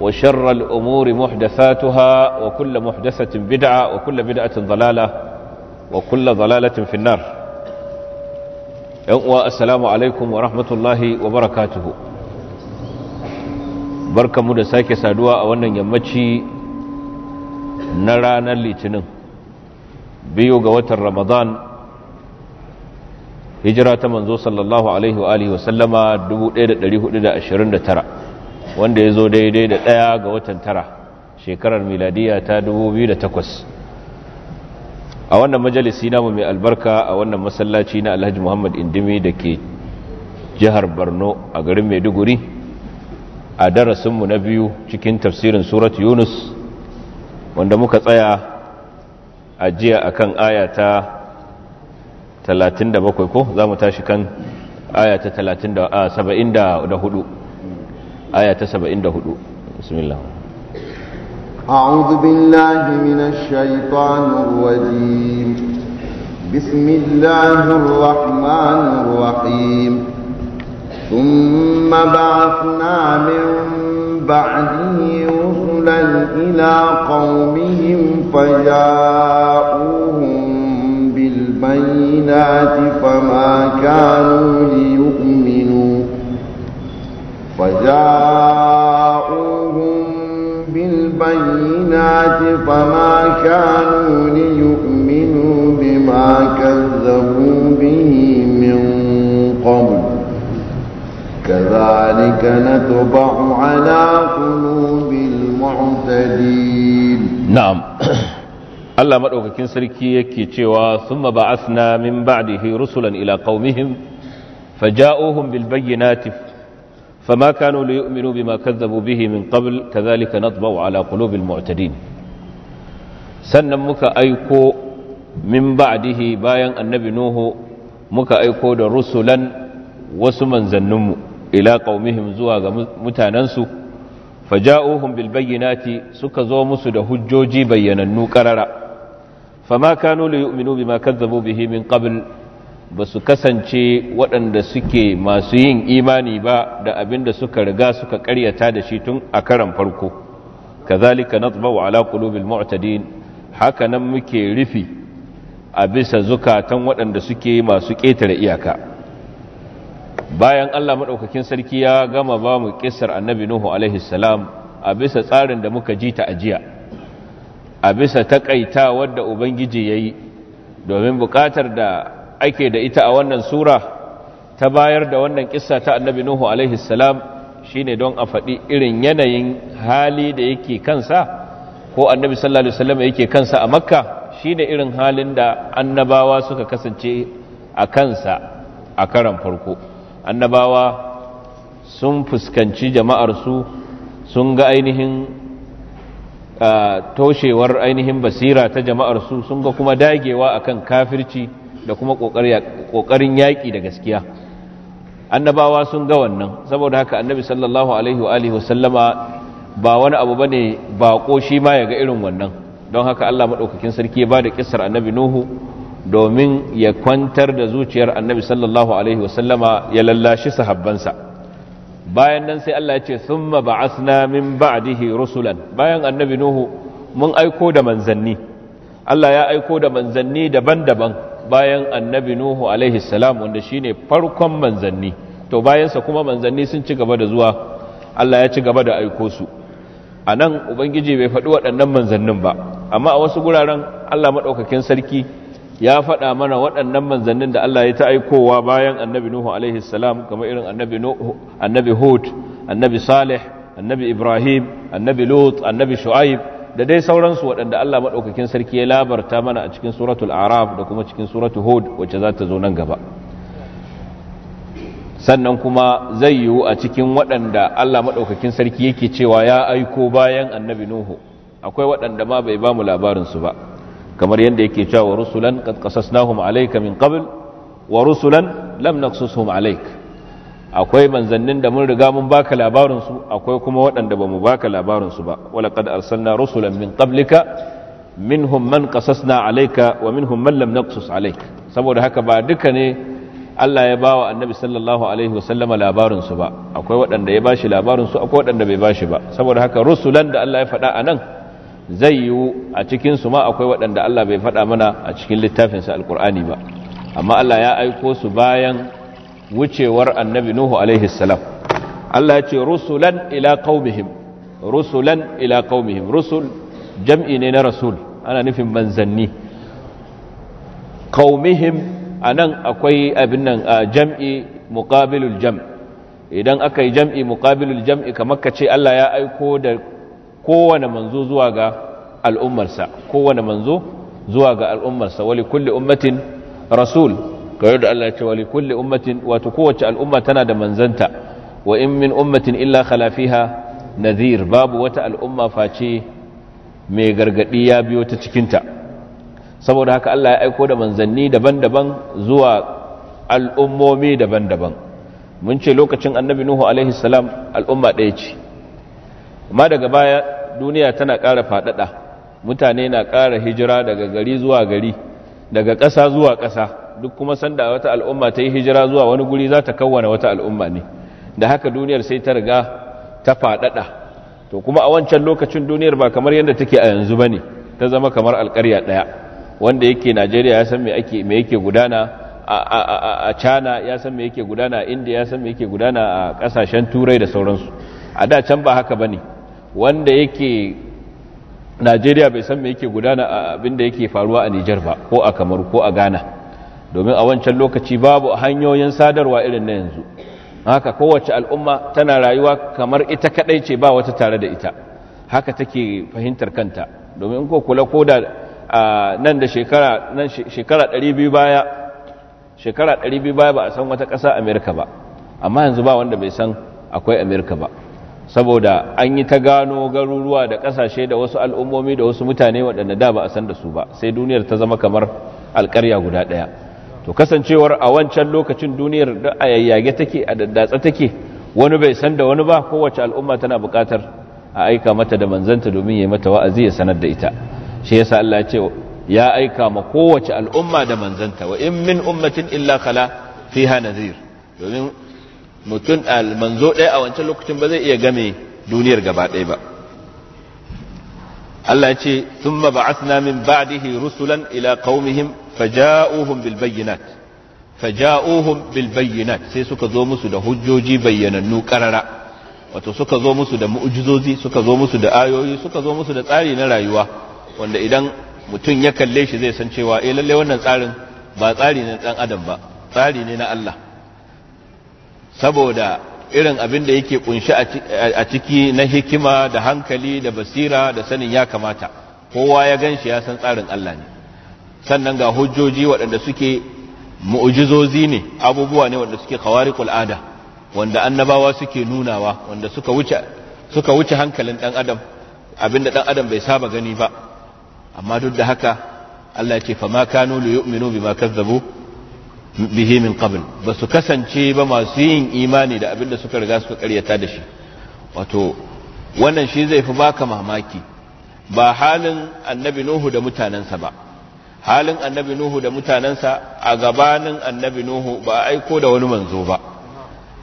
وشر الأمور محدثاتها وكل محدثة بدعة وكل بدعة ضلالة وكل ضلالة في النار السلام عليكم ورحمة الله وبركاته بركة مدساكي سادوا أولا يمتشي نرانا لتنم biyu ga watan ramadan hijira ta manzo sallallahu alaihi wa alihi wasallama 1429 wanda ya zo daidai da ɗaya ga watan tara shekarar miladiya ta 2008 a wannan majalisi namu mai albarka a wannan masallaci na alhaji muhammad indimi da ke jihar borno a garin maiduguri a darasinmu na biyu cikin tafsirin surat yunus wanda muka tsaya a jiya a kan talatin da 37 ko za mu tashi kan saba'in da hudu? آية تسبع ta بسم الله أعوذ بالله من الشيطان الرجيم بسم الله الرحمن الرحيم ثم بعثنا من بعده رسلا إلى قومهم فجاءوهم بالبينات فما كانوا لي وجاءوهم بالبينات فما كانوا ليؤمنوا بما كذبوا به من قبل كذلك نتبع على قلوب المعتدين نعم الله مدوك كن سركي يكي تشوا ثم بعثنا من بعده رسلا الى قومهم فجاءوهم بالبينات فما كانوا ليؤمنوا بما كذبوا به من قبل كذلك نطبع على قلوب المعتدين sannan muka aiko min ba'dihi bayan annabi nuhu muka aiko da rusulan wasu manzanninmu ila qaumihim zuwa ga mutanansu faja'uhum bil bayyinati suka zo musu da hujjoji bayyanannu qarara fama kanu li yu'minu bima kadzabu bihi min qabl ba su kasance waɗanda suke masu yin imani ba da abin da suka riga suka ƙaryata da shi tun a karan farko kazalika natba'u ala qulubil mu'tadin haka nan muke rufi a bisa zukatan waɗanda suke masu ƙetare iyaka bayan Allah maɗaukakin sarki ya gama ba mu annabi Nuhu alaihi salam a bisa tsarin da muka ji ta ajiya a bisa takaita wadda ubangiji yayi domin buƙatar da ake da ita a wannan sura ta bayar da wannan kissa ta annabi nuhu alaihi salam shine don a faɗi irin yanayin hali da yake kansa ko annabi sallallahu alaihi wasallam yake kansa a makka shine irin halin da annabawa suka kasance a kansa a karan farko annabawa sun fuskanci jama'arsu sun ga ainihin ah, toshewar ainihin basira ta jama'arsu sun ga kuma dagewa akan kafirci da kuma ƙoƙarin yaƙi da gaskiya annabawa sun ga wannan saboda haka annabi sallallahu alaihi wa alihi wasallama ba wani abu bane ko shi ma ya ga irin wannan don haka Allah madaukakin sarki ya bada kissar annabi nuhu domin ya kwantar da zuciyar annabi sallallahu alaihi wasallama ya lallashi sahabbansa bayan nan sai Allah ya ce thumma ba'athna min ba'dihi rusulan bayan annabi nuhu mun aiko da manzanni Allah ya aiko da manzanni daban-daban bayan annabi nuhu alaihi salam wanda shine farkon manzanni to bayansa kuma manzanni sun ci gaba da zuwa Allah ya ci gaba da aiko su a nan ubangiji bai faɗi waɗannan manzannin ba amma a wasu guraren Allah maɗaukakin sarki ya faɗa mana waɗannan manzannin da Allah ya ta aikowa bayan annabi nuhu alaihi salam kamar irin annabi nuhu annabi hud annabi salih annabi ibrahim annabi lut annabi shu'aib da dai sauransu waɗanda Allah maɗaukakin sarki ya labarta mana a cikin suratul araf da kuma cikin suratul hud wacce za ta zo nan gaba sannan kuma zai yiwu a cikin waɗanda Allah maɗaukakin sarki yake cewa ya aiko bayan annabi nuhu akwai waɗanda ma bai ba mu labarinsu ba kamar yadda yake cewa rusulan qad qasasnahum alayka min qabl wa rusulan lam naqsushum alayka akwai manzannin da mun riga mun baka labarin su akwai kuma waɗanda bamu baka labarin su ba wala qad arsalna rusulan min qablika minhum man qasasna alayka wa minhum man lam naqsus alayk saboda haka ba duka ne Allah ya bawa annabi sallallahu alaihi sallama labarin su ba akwai waɗanda ya bashi labarin su akwai waɗanda bai bashi ba saboda haka rusulan da Allah ya faɗa anan zai yiwu a cikin su ma akwai waɗanda Allah bai faɗa mana a cikin littafinsa alqur'ani ba amma Allah ya aiko su bayan wucewar annabi nuhu alaihi salam Allah ya ce rusulan ila qaumihim rusulan ila qaumihim rusul jam'i ne na rasul ana nufin manzanni qaumihim anan akwai abin nan jam'i muqabilul jam' idan aka yi jam'i muqabilul jam'i kamar ka ce Allah ya aiko da kowane manzo zuwa ga al'ummarsa kowane manzo zuwa ga al'ummarsa wali kulli ummatin rasul ga da Allah ya ce wa likulli ummatin wato kowace al'umma tana da manzanta wa in min ummatin illa khala fiha nadhir babu wata al'umma face mai gargadi ya biyo ta cikin ta saboda haka Allah ya aiko da manzanni daban-daban zuwa al'ummomi daban-daban mun ce lokacin annabi nuhu alaihi salam al'umma ɗaya ce amma daga baya duniya tana ƙara faɗaɗa mutane na ƙara hijira daga gari zuwa gari daga ƙasa zuwa ƙasa duk kuma sanda wata al'umma ta yi hijira zuwa wani guri za ta kawwana wata al'umma ne da haka duniyar sai ta riga ta fadada to kuma a wancan lokacin duniyar ba kamar yadda take a yanzu ba ta zama kamar alƙarya ɗaya wanda yake najeriya ya san me yake gudana a china ya san me yake gudana a india ya san me yake gudana a kasashen turai da sauransu a da can ba haka ba wanda yake najeriya bai san me yake gudana a abin da yake faruwa a nijar ba ko a kamaru ko a ghana domin a wancan lokaci babu hanyoyin sadarwa irin na yanzu haka kowace al'umma tana rayuwa kamar ita kadai ce ba wata tare da ita haka take fahimtar kanta domin ko kula ko da nan da shekara nan shekara 200 baya shekara 200 baya ba a san wata kasa Amerika ba amma yanzu ba wanda bai san akwai Amerika ba saboda an yi ta gano garuruwa da ƙasashe da wasu al'ummomi da wasu mutane waɗanda da ba a san da su ba sai duniyar ta zama kamar alƙarya guda ɗaya to kasancewar a wancan lokacin duniyar da a yayyage take a daddatsa take wani bai san da wani ba kowace al'umma tana buƙatar a aika mata da manzanta domin ya mata wa'azi ya sanar da ita shi yasa Allah ya ce ya aika ma kowace al'umma da manzanta wa in min ummatin illa khala fiha nadhir domin mutun manzo ɗaya a wancan lokacin ba zai iya game duniyar gaba ɗaya ba Allah ya ce thumma ba'athna min ba'dihi rusulan ila qaumihim faja'uhum bil bayyinat faja'uhum sai suka zo musu da hujjoji bayyanannu karara wato suka zo musu da mu'jizozi suka zo musu da ayoyi suka zo musu da tsari na rayuwa wanda idan mutum ya kalle shi zai san cewa eh lalle wannan tsarin ba tsari ne dan adam ba tsari ne na Allah saboda irin abin da yake kunshi a ciki na hikima da hankali da basira da sanin ya kamata kowa ya gan shi ya san tsarin Allah ne sannan ga hujjoji waɗanda suke mu'ujizozi ne abubuwa ne waɗanda suke khawariqul ada wanda annabawa suke nunawa wanda suka wuce hankalin ɗan adam abinda dan adam bai saba gani ba amma duk da haka Allah ya ce fa ma kanu li yu'minu bima kazzabu bihi min qabl ba su kasance ba masu yin imani da abinda suka riga suka karyata da shi wato wannan shi zai fi baka mamaki ba halin annabi nuhu da mutanensa ba halin annabi nuhu da mutanensa a gabanin annabi nuhu ba a aiko da wani manzo ba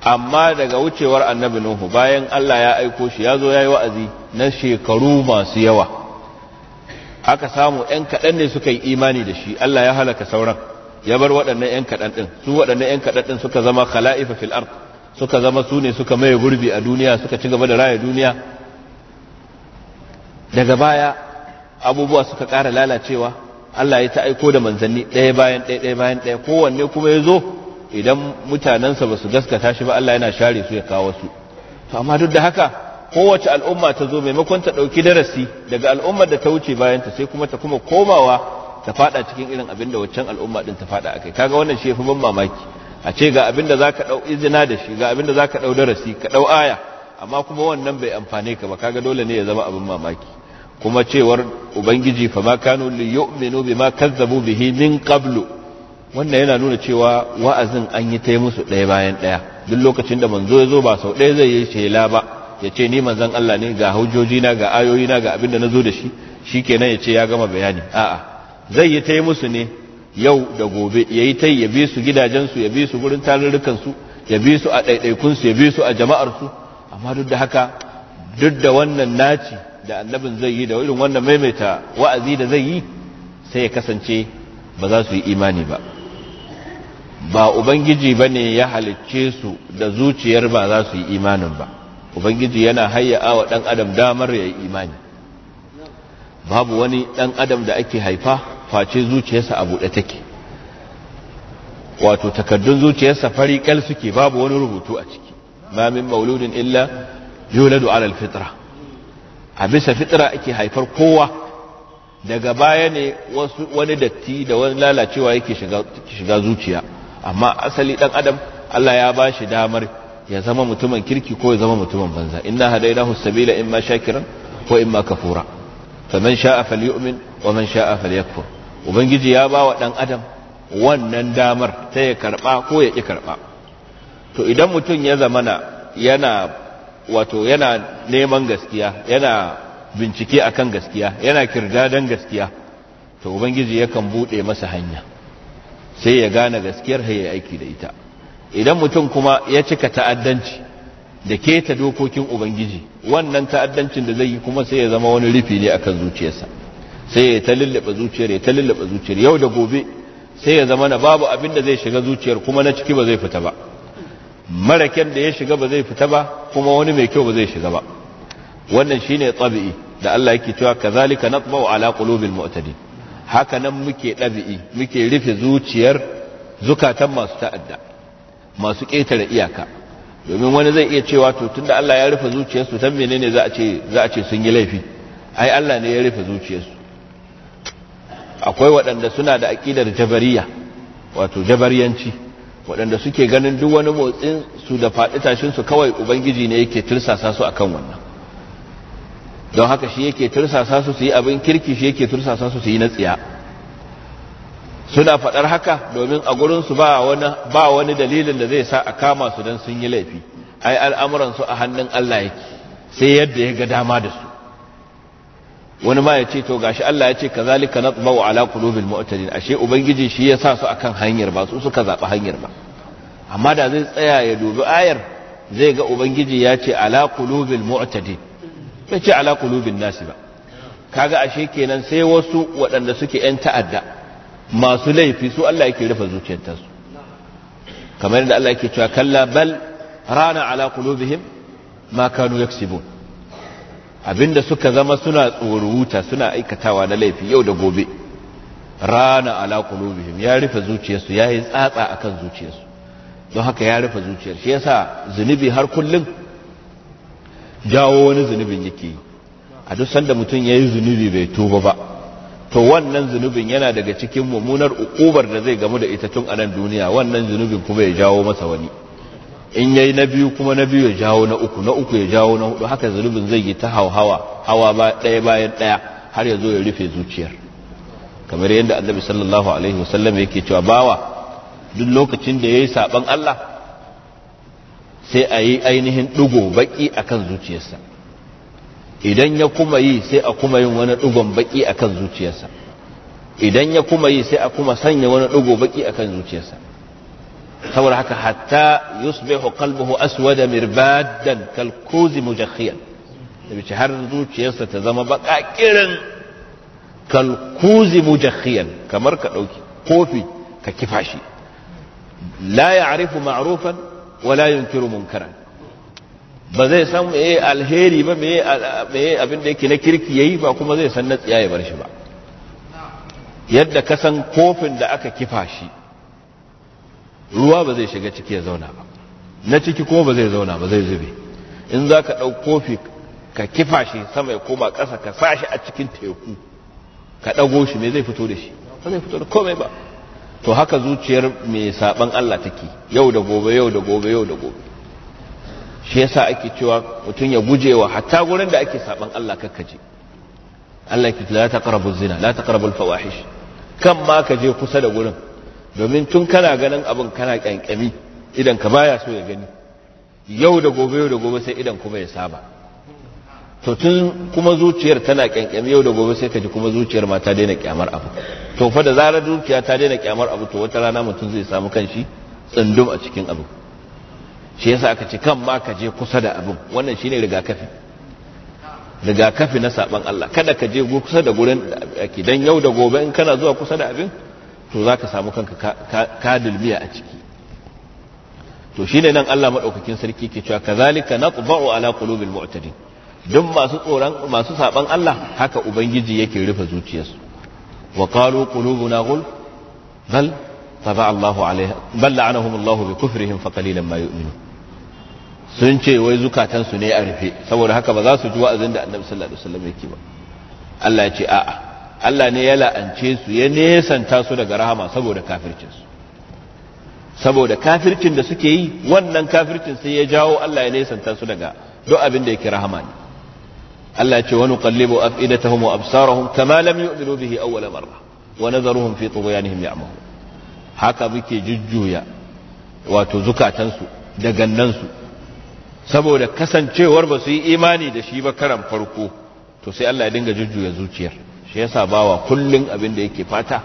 amma daga wucewar annabi nuhu bayan allah ya aiko shi ya zo ya yi wa'azi na shekaru masu yawa aka samu 'yan kaɗan ne suka yi imani da shi allah ya halaka sauran ya bar waɗannan 'yan kaɗan ɗin su waɗannan 'yan kaɗan ɗin suka zama khala'ifa fil ard suka zama su ne suka maye gurbi a duniya suka ci gaba da raya duniya daga baya abubuwa suka ƙara lalacewa Allah ya ta aiko da manzanni ɗaya bayan ɗaya ɗaya bayan ɗaya kowanne kuma ya zo idan mutanensa ba su gaskata shi ba Allah yana share su ya kawo su to amma duk da haka kowace al'umma ta zo maimakon ta ɗauki darasi daga al'ummar da ta wuce bayan ta sai kuma ta kuma komawa ta faɗa cikin irin abin da waccan al'umma ɗin ta fada akai kaga wannan shi yafi ban mamaki a ce ga abin da zaka ɗau izina da shi ga abin da ka ɗau darasi ka ɗau aya amma kuma wannan bai amfane ka ba kaga dole ne ya zama abin mamaki kuma cewar ubangiji fa ma kanu li yu'minu bima kazzabu bihi min qablu wannan yana nuna cewa wa'azin an yi tai musu ɗaya bayan ɗaya duk lokacin da manzo ya zo ba sau ɗaya zai yi shela ba ya ce ni manzon Allah ne ga hujjoji na ga ayoyi na ga abin da na zo da shi shi shikenan ya ce ya gama bayani a'a zai yi tai musu ne yau da gobe yayi tai ya bi su gidajen ya bi su gurin tarurrukan su ya bi su a ɗaiɗaikun su ya bi su a jama'ar su amma duk da haka duk da wannan naci da annabin zai yi da irin wannan maimaita wa'azi da zai yi sai ya kasance ba za su yi imani ba ba ubangiji ba ne ya halicce su da zuciyar ba za su yi imanin ba ubangiji yana hayya'a wa ɗan adam damar ya yi imani babu wani ɗan adam da ake haifa face zuciyarsa a buɗe take wato takardun zuciyarsa fari ƙal suke babu wani rubutu a ciki mamin mauludin illa yuladu alal fitra a bisa fitira ake haifar kowa daga baya ne wani datti da wani lalacewa yake shiga zuciya amma asali dan adam Allah ya ba shi damar ya zama mutumin kirki ko ya zama mutumin banza inna hadainahu sabila imma shakiran ko imma kafura faman sha'a falyu'min wa man sha'a falyakfur ubangiji ya ba wa dan adam wannan damar ta ya karba ko ya ki karba to idan mutum ya zamana yana wato yana neman gaskiya yana bincike akan gaskiya yana kirdadan gaskiya to ubangiji yakan bude masa hanya sai ya gane gaskiyar ya aiki da ita idan mutum kuma ya cika ta'addanci da keta dokokin ubangiji wannan ta'addancin da zai yi kuma sai ya zama wani rufi ne akan zuciyarsa sai ya ta zuciyar ya ta zuciyar yau da gobe sai ya zama na babu abin da zai shiga zuciyar kuma na ciki ba zai fita ba Maraken da ya shiga ba zai fita ba kuma wani mai kyau ba zai shiga ba wannan shine tabi'i da Allah yake cewa kazalika natba'u ala qulubil mu'tadin haka nan muke ɗabi'i muke rufe zuciyar zukatan masu ta'adda masu ƙetare iyaka domin wani zai iya cewa to tunda Allah ya rufe zuciyarsu ta menene za a ce za a ce sun yi laifi ai Allah ne ya rufe zuciyarsu akwai waɗanda suna da aƙidar jabariya wato jabariyanci waɗanda suke ganin duk wani motsin su da faɗi tashin su kawai ubangiji ne yake tursasa su akan wannan don haka shi yake tursasa su su yi abin kirki shi yake tursasa su su yi na tsiya suna faɗar haka domin a gurin su ba wani ba wani dalilin da zai sa a kama su dan sun yi laifi ai al'amuran su a hannun Allah yake sai yadda ya ga dama da su wani ma ya ce to gashi Allah ya ce kazalika natba'u ala qulubil mu'tadin ashe ubangiji shi ya sa su akan hanyar ba su suka zaba hanyar ba amma da zai tsaya ya dubi ayar zai ga ubangiji ya ce ala qulubil mu'tadin ya ce ala qulubin nasi ba kaga ashe kenan sai wasu waɗanda suke yan ta'adda masu laifi su Allah yake rufe zuciyar su kamar yadda Allah yake cewa kalla bal rana ala qulubihim ma kanu yaksibun abinda suka zama suna tsoruta suna aikatawa na laifi yau da gobe rana ala qulubihim ya rufe zuciyarsu ya yi tsatsa akan zuciyarsu don haka ya rufe zuciyar shi yasa zunubi har kullum jawo wani zunubin yake yi a duk sanda mutum ya yi zunubi bai tuba ba to wannan zunubin yana daga cikin mummunar ukubar da zai gamu da ita tun a nan duniya wannan zunubin kuma ya jawo masa wani in yayi na biyu kuma na biyu ya jawo na uku na uku ya jawo na hudu haka zulubin zai yi ta hauhawa hawa ba ɗaya bayan ɗaya har ya zo ya rufe zuciyar kamar yadda annabi sallallahu alaihi wasallam yake cewa bawa duk lokacin da yayi saban Allah sai a yi ainihin ɗigo baki akan zuciyarsa idan ya kuma yi sai a kuma yin wani ɗigon baki akan zuciyarsa idan ya kuma yi sai a kuma sanya wani ɗigo baki akan zuciyarsa saboda haka hatta yusbihu qalbuhu aswada mirbadan kal kuzi mujakhiyan da bice har zuciyarsa ta zama bakakirin kal kuzi mujakhiyan kamar ka dauki kofi ka kifashi. la ya'rifu ma'rufan wa la yunkiru munkaran ba zai san meye alheri ba me abin da yake na kirki yayi ba kuma zai san na tsiya ya bar shi ba yadda ka san kofin da aka kifa shi ruwa ba zai shiga ciki ya zauna ba na ciki ko ba zai zauna ba zai zube in za ka ɗau kofi ka kifa shi sama ya koma ƙasa ka sa shi a cikin teku ka ɗago shi me zai fito da shi ba zai fito da komai ba to haka zuciyar mai saɓan Allah take yau da gobe yau da gobe yau da gobe shi yasa ake cewa mutum ya guje wa hatta gurin da ake saɓan Allah kakkaje Allah ya ce la taqrabu zina la taqrabu al-fawahish kan ma ka je kusa da gurin domin tun kana ganin abin kana kyankyami idan ka baya so ya gani yau da gobe yau da gobe sai idan kuma ya saba to tun kuma zuciyar tana kyankyami yau da gobe sai ka ji kuma zuciyar ma ta daina kyamar abu to fa da zarar dukiya ta daina kyamar abu to wata rana mutum zai samu kanshi tsundum a cikin abu shi yasa aka ce kan ma ka je kusa da abin wannan shine rigakafi rigakafi na saban Allah kada ka je kusa da gurin da ake dan yau da gobe in kana zuwa kusa da abin to za ka samu kanka ka dulmiya a ciki to shine nan Allah maɗaukakin sarki ke cewa kazalika naqba'u ala kulubin mu'tadin duk masu tsoron masu saban Allah haka ubangiji yake rufe zuciyarsu wa qalu qulubuna ghul bal taba Allahu alaiha bal la'anahum Allah bi kufrihim fa qalilan ma yu'minun sun ce wai zukatansu ne a rufe saboda haka ba za su ji wa'azin da Annabi sallallahu alaihi wasallam yake ba Allah ya ce a'a Allah ne ya la'ance su ya nesanta su daga rahama saboda kafircinsu saboda kafircin da suke yi wannan kafircin sai ya jawo Allah ya nesanta su daga duk abin da yake rahama ne Allah ya ce wa nuqallibu afidatahum wa absarahum kama lam yu'minu bihi awwala marra wa nazaruhum fi tughyanihim ya'mahun haka muke jujjuya wato zukatansu da gannansu saboda kasancewar ba su yi imani da shi ba karan farko to sai Allah ya dinga jujjuya zuciyar shi yasa bawa kullun abin da yake fata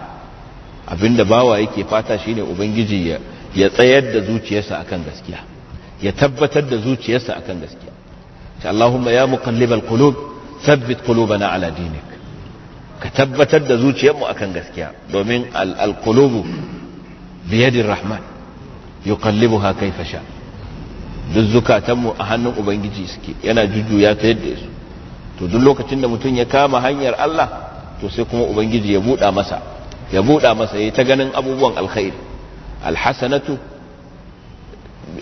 abin da bawa yake fata shine ubangiji ya ya tsayar da zuciyarsa akan gaskiya ya tabbatar da zuciyarsa akan gaskiya ta Allahumma ya muqallibal qulub thabbit qulubana ala dinik ka tabbatar da zuciyarmu akan gaskiya domin al qulubu biyadir rahman yuqallibuha kayfa sha duk zukatanmu a hannun ubangiji suke yana jujjuya ta yadda su to duk lokacin da mutum ya kama hanyar Allah to sai kuma ubangiji ya buɗa masa ya buɗa masa ya ta ganin abubuwan alkhairi alhasanatu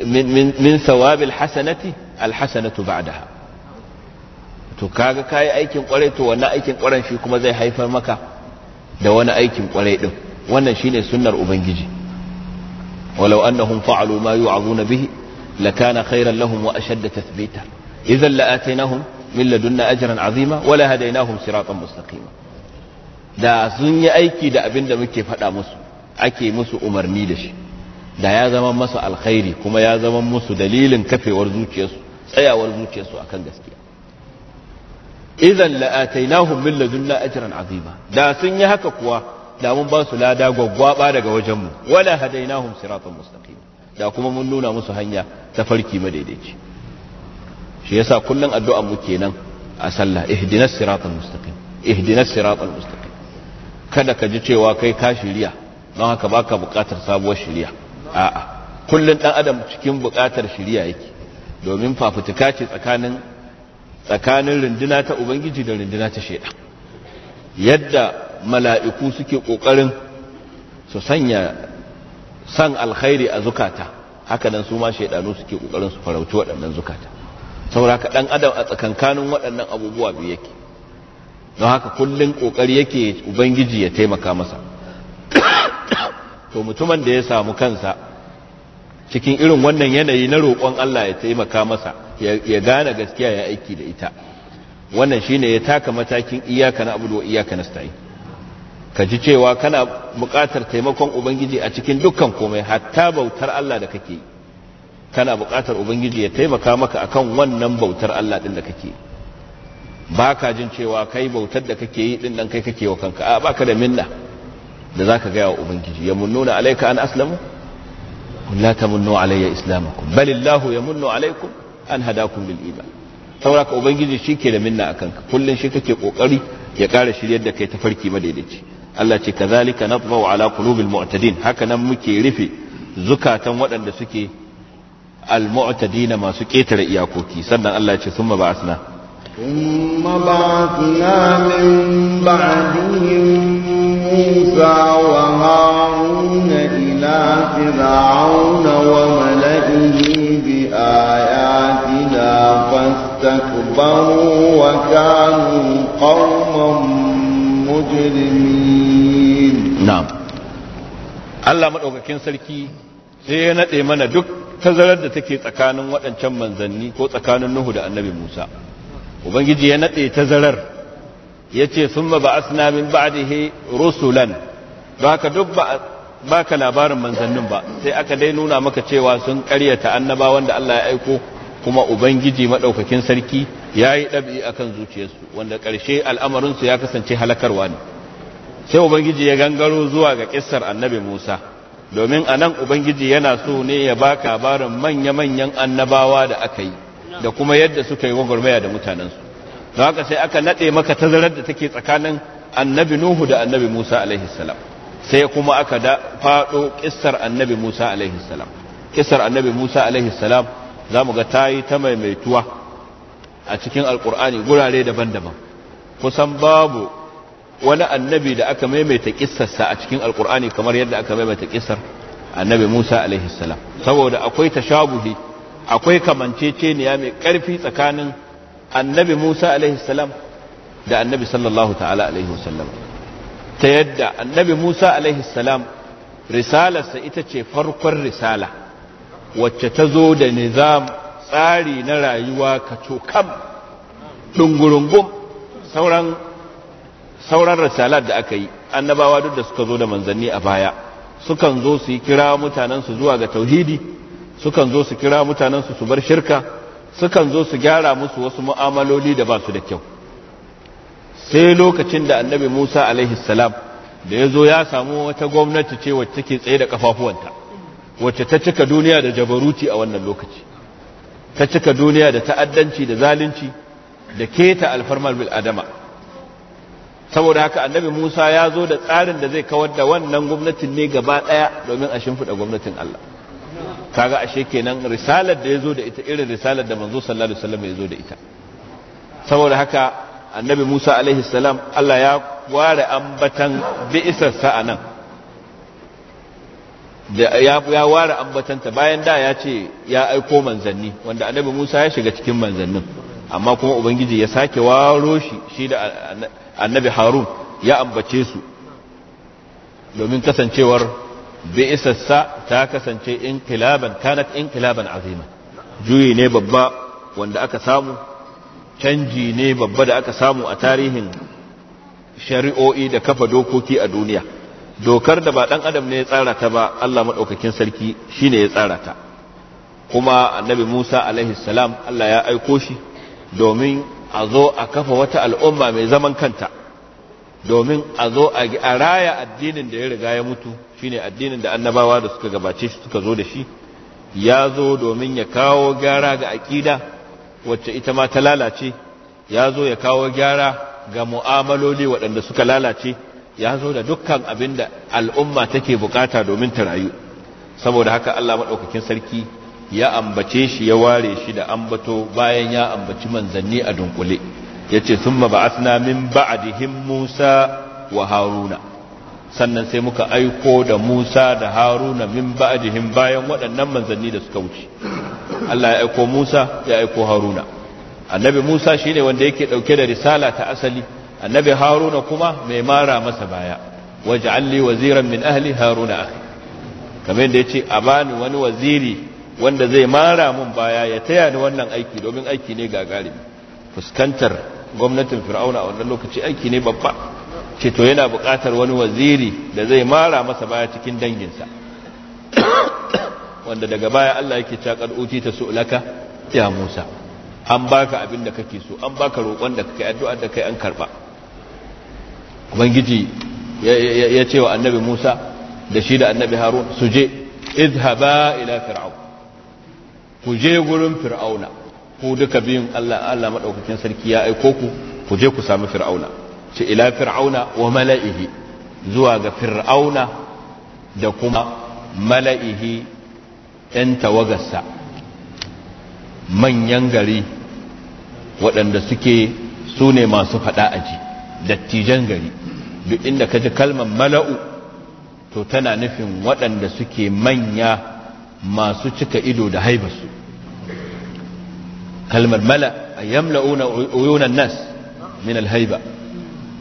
min sawabil hasanati alhasanatu ba'daha to kaga kayi aikin kwarai to wannan aikin kwarai shi kuma zai haifar maka da wani aikin kwarai din wannan shine sunnar ubangiji walau annahum fa'alu ma yu'azuna bihi lakana khairan lahum wa ashadda tathbita idhan la'atainahum min ladunna ajran azima wala la hadainahum siratan mustaqima da sun yi aiki da abin da muke faɗa musu ake musu umarni da shi da ya zama masa alkhairi kuma ya zama musu dalilin kafewar zuciyarsu tsayawar zuciyarsu akan gaskiya idan na min ladunna ajran azima da sun yi haka kuwa da mun ba su lada gwaggwaba daga wala mu na hadainahum siratan mustaqim da kuma mun nuna musu hanya ta farki madaidaici shi yasa kullun addu'an mu kenan a sallah ihdinas siratal mustaqim ihdinas mustaqim kada ka ji cewa kai ka shirya don haka baka bukatar sabuwar shirya a'a kullun dan adam cikin bukatar shirya yake domin fafutuka ce tsakanin tsakanin runduna ta ubangiji da runduna ta shaidan yadda mala'iku suke kokarin su sanya san alkhairi a zukata haka nan su ma shaidanu suke kokarin su farauci waɗannan zukata saboda ka dan adam a tsakankanin waɗannan abubuwa biyu yake don haka kullum kokari yake ubangiji ya taimaka masa to mutumin da ya samu kansa cikin irin wannan yanayi na roƙon Allah ya taimaka masa ya gane gaskiya ya aiki da ita wannan shine ya taka matakin iyaka na abudu wa iyaka na nasta'in ka ji cewa kana buƙatar taimakon ubangiji a cikin dukkan komai hatta bautar Allah da kake kana buƙatar ubangiji ya taimaka maka akan wannan bautar Allah din da kake yi ba ka jin cewa kai bautar da kake yi din nan kai kake wa kanka a baka da minna da zaka ga ya ubangiji ya munnuna alayka an aslamu la tamunnu alayya islamakum balillahu yamunnu alaykum an hadakum lil iman saboda ka ubangiji shike da minna akan ka kullun shi kake kokari ya kara shiryar da kai ta farki madaidaici Allah ce kazalika nadbu ala qulubil mu'tadin haka nan muke rufe zukatan waɗanda suke al mu'tadina masu ketare iyakoki sannan Allah ce summa ba'asna ثم بعثنا من بعدهم موسى وهارون إلى فرعون وملئه بآياتنا فاستكبروا وكانوا قوما مجرمين نعم Allah maɗaukakin sarki sai ya naɗe mana duk tazarar da take tsakanin waɗancan manzanni ko tsakanin Nuhu da annabi Musa ubangiji ya natse tazarar yace thumma ba'athna min ba'dihi rusulan baka duk baka labarin manzannin ba sai aka dai nuna maka cewa sun karyata annaba wanda Allah ya aiko kuma ubangiji madaukakin sarki yayi dabi akan zuciyarsu wanda karshe al'amarin su ya kasance halakarwa ne sai ubangiji ya gangaro zuwa ga kissar annabi Musa domin anan ubangiji yana so ne ya baka labarin manya-manyan annabawa da aka yi da kuma yadda suka yi gwagwarmaya da mutanensu don haka sai aka naɗe maka tazarar da take tsakanin annabi nuhu da annabi musa alaihi salam sai kuma aka da faɗo kissar annabi musa alaihi salam Kissar annabi musa alaihi salam za mu ga ta yi ta maimaituwa a cikin alƙur'ani gurare daban-daban kusan babu wani annabi da aka maimaita ƙissarsa a cikin alƙur'ani kamar yadda aka maimaita kissar annabi musa alaihi salam saboda akwai tashabuhi akwai kamanceceniya mai ƙarfi tsakanin annabi musa alaihi salam da annabi sallallahu ta'ala wasallam ta yadda annabi musa alaihi salam risalarsa ita ce farkon risala wacce ta zo da nizam tsari na rayuwa ka cokam ɗungurungun sauran sauran risalar da aka yi annabawa duk da suka zo da manzanni a baya sukan zo su yi kira mutanensu zuwa ga tauhidi sukan zo su kira mutanensu su bar shirka sukan zo su gyara musu wasu mu'amaloli da ba su da kyau sai lokacin da annabi musa alaihi salam da ya zo ya samu wata gwamnati ce wacce take tsaye da kafafuwanta wacce ta cika duniya da jabaruti a wannan lokaci ta cika duniya da ta'addanci da zalunci da keta alfarmar bil adama saboda haka annabi musa ya zo da tsarin da zai kawar da wannan gwamnatin ne gaba ɗaya domin a shimfiɗa gwamnatin allah kaga ashe kenan risalar da yazo da ita irin risalar da manzo sallallahu alaihi wasallam yazo da ita saboda haka annabi Musa alaihi salam Allah ya ware ambatan bi'isar sa anan da ya ya ware ambatanta bayan da ya ce ya aiko manzanni wanda annabi Musa ya shiga cikin manzannin amma kuma ubangiji ya sake waro shi shi da annabi Harun ya ambace su domin kasancewar bi'isassa ta kasance inqilaban kanat inqilaban azima juyi ne babba wanda aka samu canji ne babba da aka samu a tarihin shari'o'i da kafa dokoki a duniya dokar da ba dan adam ne ya tsara ta ba Allah madaukakin sarki shine ya tsara ta kuma annabi Musa alaihi salam Allah ya aiko shi domin a zo a kafa wata al'umma mai zaman kanta domin a zo a raya addinin da ya riga ya mutu shine addinin da annabawa da suka gabace shi suka zo da shi ya zo domin ya kawo gyara ga aƙida wacce ita ma ta lalace ya zo ya kawo gyara ga mu'amaloli waɗanda suka lalace ya zo da dukkan abin da al'umma take bukata domin ta rayu saboda haka Allah maɗaukakin sarki ya ambace shi ya ware shi da ambato bayan ya ambaci manzanni a dunkule ya ce sun ba'athna min ba'dihim musa wa haruna sannan sai muka aiko da Musa da Haruna min ba'dihim bayan waɗannan manzanni da suka wuce Allah ya aiko Musa ya aiko Haruna annabi Musa shine wanda yake dauke da risala ta asali annabi Haruna kuma mai mara masa baya waj'al li waziran min ahli Haruna akhi kamar yadda yace a bani wani waziri wanda zai mara mun baya ya taya ni wannan aiki domin aiki ne ga gagarumi fuskantar gwamnatin Fir'auna a wannan lokaci aiki ne babba ce to yana buƙatar wani waziri da zai mara masa baya cikin danginsa wanda daga baya Allah yake cakar uti ta su'ulaka ya Musa an baka abin da kake so an baka roƙon da kake addu'a da kai an karba ubangiji ya ce wa annabi Musa da shi da annabi Harun su je izhaba ila fir'aun ku je gurin fir'auna ku duka biyun Allah Allah madaukakin sarki ya aiko ku ku je ku sami fir'auna ce ila fir'auna wa mala'ihi zuwa ga fir'auna da kuma mala'ihi ‘yan tawagarsa manyan gari waɗanda suke su ne masu faɗa aji dattijan gari duk inda ka ji kalmar mala'u to tana nufin waɗanda suke manya masu cika ido da haibarsu kalmar mala a yamla'una uyunan nas min alhaiba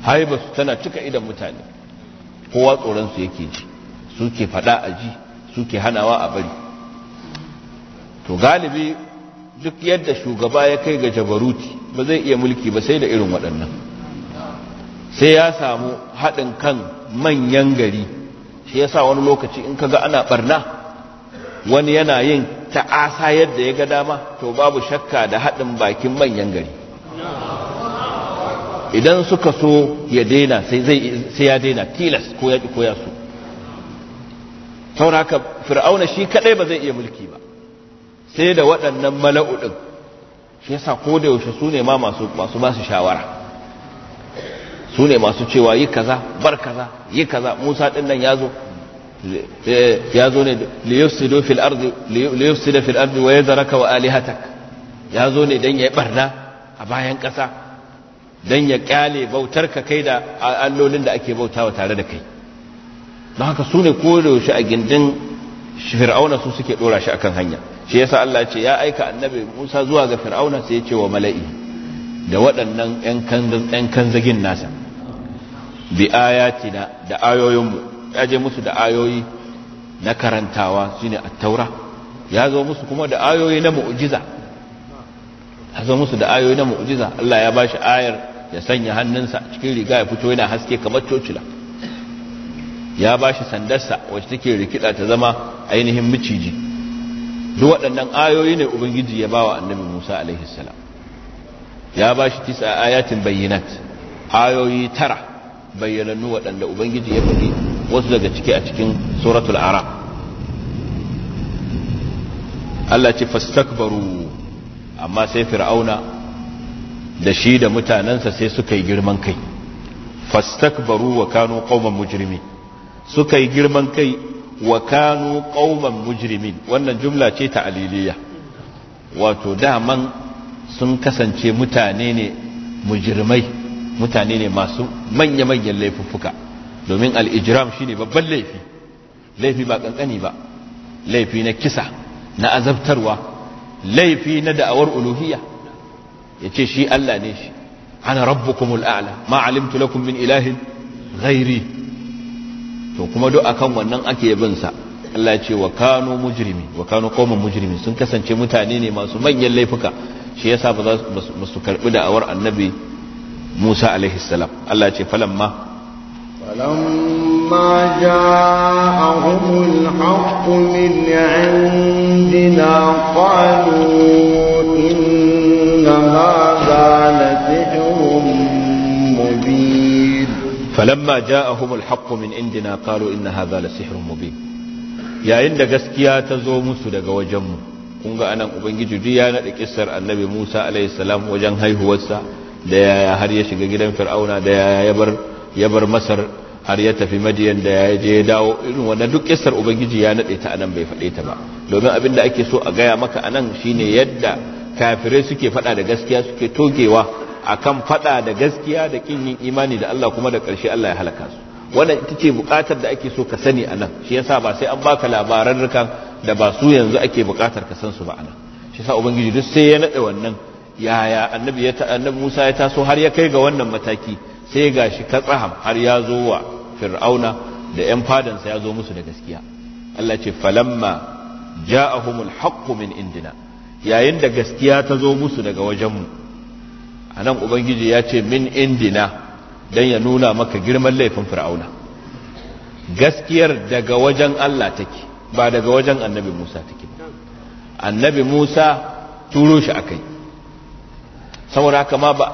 haiba su tana cika idan mutane kowa tsoronsu yake ji suke fada a ji suke hanawa a bari to galibi duk yadda shugaba ya kai ga jabaruti ba zai iya mulki ba sai da irin waɗannan sai ya samu haɗin kan manyan gari shi sa wani lokaci in ka ga ana barna wani yana yin ta'asa yadda ya ga dama to babu shakka da haɗin bakin manyan gari idan suka so ya daina sai ya daina tilas ko ya ko ya so saboda haka fir'auna shi kadai ba zai iya mulki ba sai da waɗannan mala'u din shi yasa ko da yaushe su ne ma masu masu ba su shawara su ne masu cewa yi kaza bar kaza yi kaza Musa din nan yazo zo ne liyufsidu fil ardi liyufsida fil ardi wa yadhraka wa alihatak ya zo ne dan yayi barna a bayan kasa don ya kyale bautar ka kai da allolin da ake bautawa tare da kai don haka su ne ko da yaushe a gindin fir'auna su suke dora shi akan hanya shi yasa Allah ce ya aika annabi Musa zuwa ga fir'auna sai ya ce wa mala'i da waɗannan ɗan kanzagin nasa bi ayatina da ayoyinmu ya je musu da ayoyi na karantawa shine at-taura ya zo musu kuma da ayoyi na mu'jiza ya zo musu da ayoyi na mu'jiza Allah ya bashi ayar ya sanya hannunsa cikin riga ya fito yana haske kamar cocila ya ba shi sandarsa wacce take rikida ta zama ainihin miciji duk waɗannan ayoyi ne ubangiji ya ba wa annabi musa alaihi salam ya ba shi tisa ayatin bayyinat ayoyi tara bayyanannu waɗanda ubangiji ya faɗi wasu daga ciki a cikin suratul ara Allah ce fastakbaru amma sai fir'auna da shi da mutanensa sai suka yi girman kai baru wa Kano ƙauman mujrimin suka yi girman kai wa Kano ƙauman mujrimin wannan jumla ce ta aliliya wato daman sun kasance mutane ne mujirmai. mutane ne masu manya-manyan laifuffuka domin al'ijiram shi ne babban laifi laifi ba kankani ba laifi na kisa na azabtarwa laifi na da'awar uluhiyya ya ce shi Allah ne shi ana rabbukumul a'la ma alimtu lakum min ilahin ghairi to kuma duk akan wannan ake yabin sa Allah ya ce wa kanu mujrimi wa kanu qauman mujrimi sun kasance mutane ne masu manyan laifuka shi yasa ba za su karbi da'awar annabi Musa alaihi salam Allah ya ce falamma falamma ja'ahumul haqqu min عندنا قالوا إن إن هذا لسحر مبين فلما جاءهم الحق من عندنا قالوا إن gaskiya ta zo musu daga wajenmu kun ga anan ubangiji duk ya naɗa kisar annabi musa alayhi salam wajen haihuwarsa da yaya har ya shiga gidan fir'auna da yaya ya bar masar har ya tafi madiyan da ya je ya dawo irin wannan duk kissar ubangiji ya nade ta anan bai faɗe ta ba domin abin da ake so a gaya maka anan shine yadda kafirai suke fada da gaskiya suke togewa akan fada da gaskiya da kin yin imani da Allah kuma da ƙarshe Allah ya halaka su wannan ita ce buƙatar da ake so ka sani anan shi yasa ba sai an baka labaran rukan da ba su yanzu ake buƙatar ka san su ba anan shi yasa ubangiji duk sai ya naɗe wannan yaya annabi ya annabi Musa ya taso har ya kai ga wannan mataki sai gashi tsaham har ya zo wa fir'auna da yan fadansa ya zo musu da gaskiya Allah ce falamma ja'ahumul haqqu min indina yayin da gaskiya ta zo musu daga wajenmu a nan ubangiji ya ce min indina don ya nuna maka girman laifin fir'auna gaskiyar daga wajen allah take ba daga wajen annabi musa take annabi musa turo shi akai saboda haka ma ba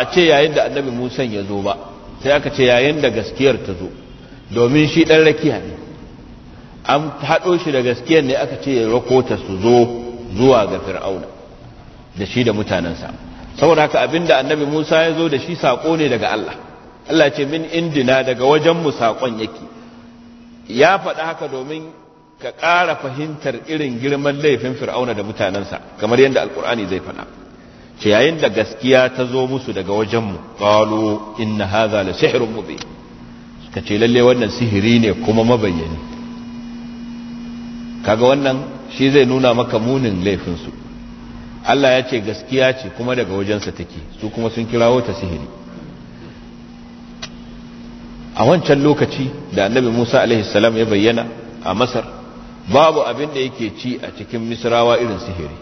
a ce yayin da annabi musa ya zo ba sai aka ce yayin da gaskiyar ta zo domin shi ɗan rakiya ne an haɗo shi da gaskiyar ne aka ce ya rako ta su zo zuwa ga fir'auna da shi da mutanensa saboda haka abinda annabi Musa ya zo da shi saƙo ne daga Allah Allah ce min indina daga wajen mu sakon yake ya faɗa haka domin ka ƙara fahimtar irin girman laifin fir'auna da mutanensa kamar yadda Alƙur'ani zai faɗa ce yayin da gaskiya ta zo musu daga wajenmu ƙalu inna haza la sihirin mube suka ce lalle wannan sihiri ne kuma mabayyani kaga wannan shi zai nuna maka munin laifinsu Allah ya ce gaskiya ce kuma daga wajensa take su kuma sun kirawo ta sihiri a wancan lokaci da annabi Musa alaihi salam ya bayyana a Masar babu abin da yake ci a cikin Misrawa irin sihiri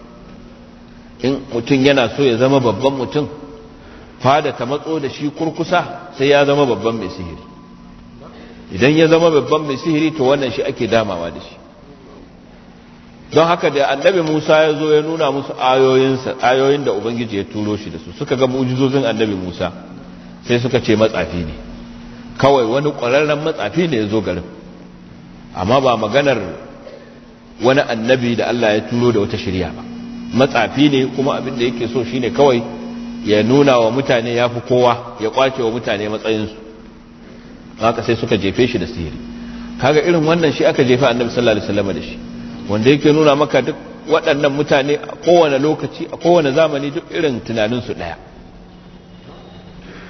in mutum yana so ya zama babban mutum fada ta matso da shi kurkusa sai ya zama babban mai sihiri idan ya zama babban mai sihiri to wannan shi ake damawa da shi don haka da annabi Musa ya zo ya nuna musu ayoyinsa ayoyin da ubangiji ya turo shi da su suka ga mu'jizozin annabi Musa sai suka ce matsafi ne kawai wani ƙwararren matsafi ne ya zo garin amma ba maganar wani annabi da Allah ya turo da wata shirya ba matsafi ne kuma abin da yake so shine kawai ya nuna wa mutane ya fi kowa ya kwace wa mutane matsayinsu haka sai suka jefe shi da sihiri kaga irin wannan shi aka jefa annabi sallallahu alaihi wasallam da shi wanda yake nuna maka duk waɗannan mutane a kowane lokaci a kowane zamani duk irin tunaninsu ɗaya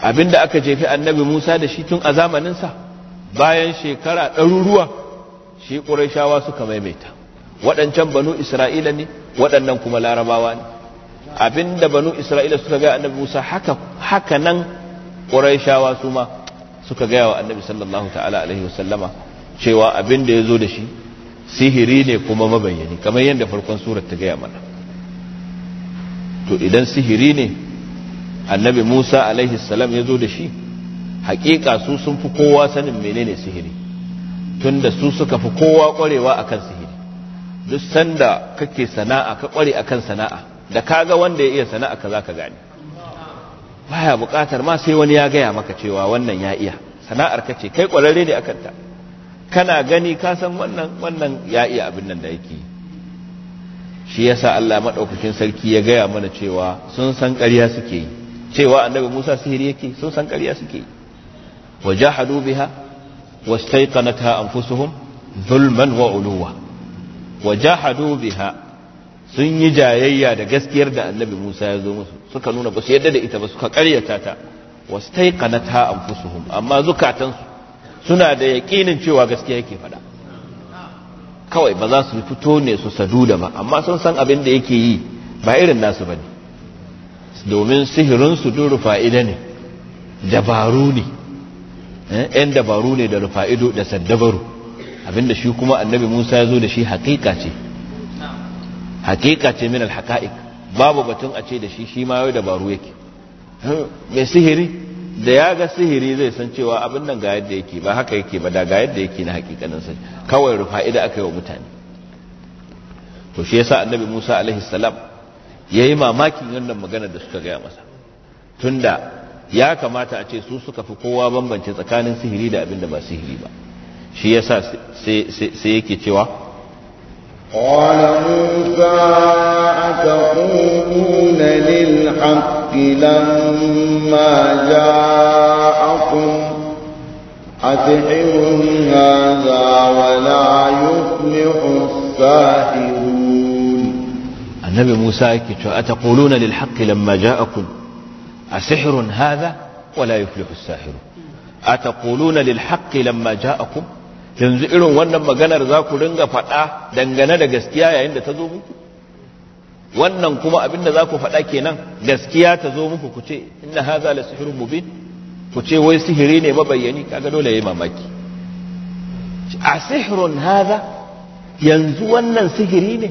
abinda aka jefi annabi musa da shi tun a zamaninsa bayan shekara ɗaruruwa shi ƙurashawa suka maimaita waɗancan banu isra'ila ne waɗannan kuma larabawa ne abinda banu isra'ila suka gaya annabi musa haka, nan ƙurashawa su ma suka gaya wa annabi sallallahu ta'ala alaihi wasallama cewa abinda ya zo da shi sihiri ne kuma mabayyani kamar yadda farkon surar ta gaya mana to idan sihiri ne annabi musa alaihi salam ya zo da shi hakika su sun fi kowa sanin menene sihiri tunda su suka fi kowa kwarewa akan sihiri duk sanda kake sana'a ka kware akan sana'a da kaga wanda ya iya sana'a ka zaka gane baya bukatar ma sai wani ya gaya maka cewa wannan ya iya sana'ar ka ce kai kwararre ne akan ta kana gani ka san wannan wannan ya iya abin nan da yake shi yasa Allah madaukakin sarki ya gaya mana cewa sun san ƙarya suke yi cewa annabi Musa sihiri yake sun san ƙarya suke yi wajahadu biha wastaiqanatha anfusuhum zulman wa uluwa wajahadu biha sun yi jayayya da gaskiyar da annabi Musa ya zo musu suka nuna ba su yadda da ita ba suka ƙaryata ta wastaiqanatha anfusuhum amma zukatansu suna da yaƙinin cewa gaskiya yake faɗa kawai ba za su fito ne su saduda ba amma sun san abin da yake yi ba irin nasu ba ne domin sihirinsu duk rufa'ida ne dabaru ne ‘yan eh, dabaru ne da rufa'ido da saddabaru abinda shi kuma annabi musa ya zo da shi haƙiƙa ce haƙiƙa ce min babu batun a ce da shi shi ma yau dabaru yake eh, mai sihiri da ya ga sihiri zai san cewa abin nan ga yadda yake ba haka yake ba da ga yadda yake na hakikanin sai kawai rufa ida aka yi wa mutane to shi yasa annabi Musa alaihi salam yayi mamakin wannan magana da suka gaya masa tunda ya kamata a ce su suka fi kowa bambance tsakanin sihiri da abin da ba sihiri ba shi yasa sai yake cewa قال موسى أتقولون للحق الحق لما جاءكم أتعهم هذا ولا يفلح الساحرون النبي موسى أتقولون للحق لما جاءكم أسحر هذا ولا يفلح الساحرون أتقولون للحق لما جاءكم yanzu irin wannan ذاكو لنغا ku ringa faɗa عند تذوبكم wannan kuma abin da za ku faɗa kenan gaskiya ta zo muku ku ce inna haza la sihrun mubin ku ce wai sihiri ne mabayyani kaga dole yayi mamaki a sihrun haza yanzu wannan sihiri ne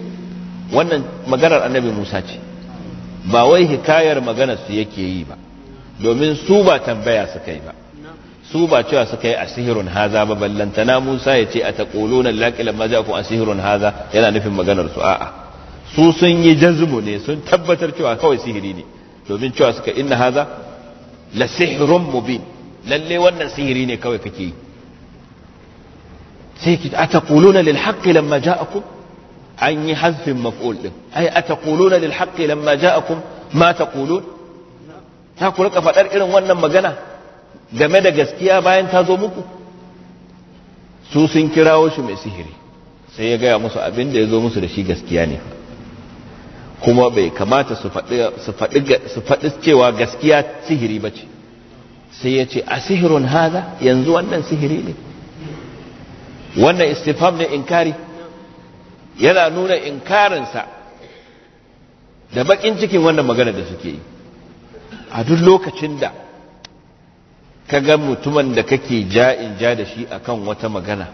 wannan maganar annabi Musa ce ba wai hikayar maganar su yake yi ba domin su ba tambaya suka yi ba su ba cewa suka yi a sihirun haza ba ballantana Musa ya ce a taquluna na ma ku a sihirun haza yana nufin maganar su a'a su sun yi jazmu ne sun tabbatar cewa kawai sihiri ne domin cewa suka inna haza la sihrun mubin lalle wannan sihiri ne kawai kake yi sai ki ataquluna lil haqqi lamma ja'akum an yi hazfin maf'ul din ai ataquluna lil haqqi lamma ja'akum ma taqulun ta ku rika fadar irin wannan magana game da gaskiya bayan ta zo muku su sun kirawo shi mai sihiri sai ya gaya musu abin da ya zo musu da shi gaskiya ne kuma bai kamata su faɗi cewa gaskiya sihiri ba ce sai ya ce a sihirun haza yanzu wannan sihiri ne wannan istifam ne inkari yana nuna inkarinsa da bakin cikin wannan magana da suke yi a duk lokacin da ka ga mutumin da kake ja in ja da shi akan wata magana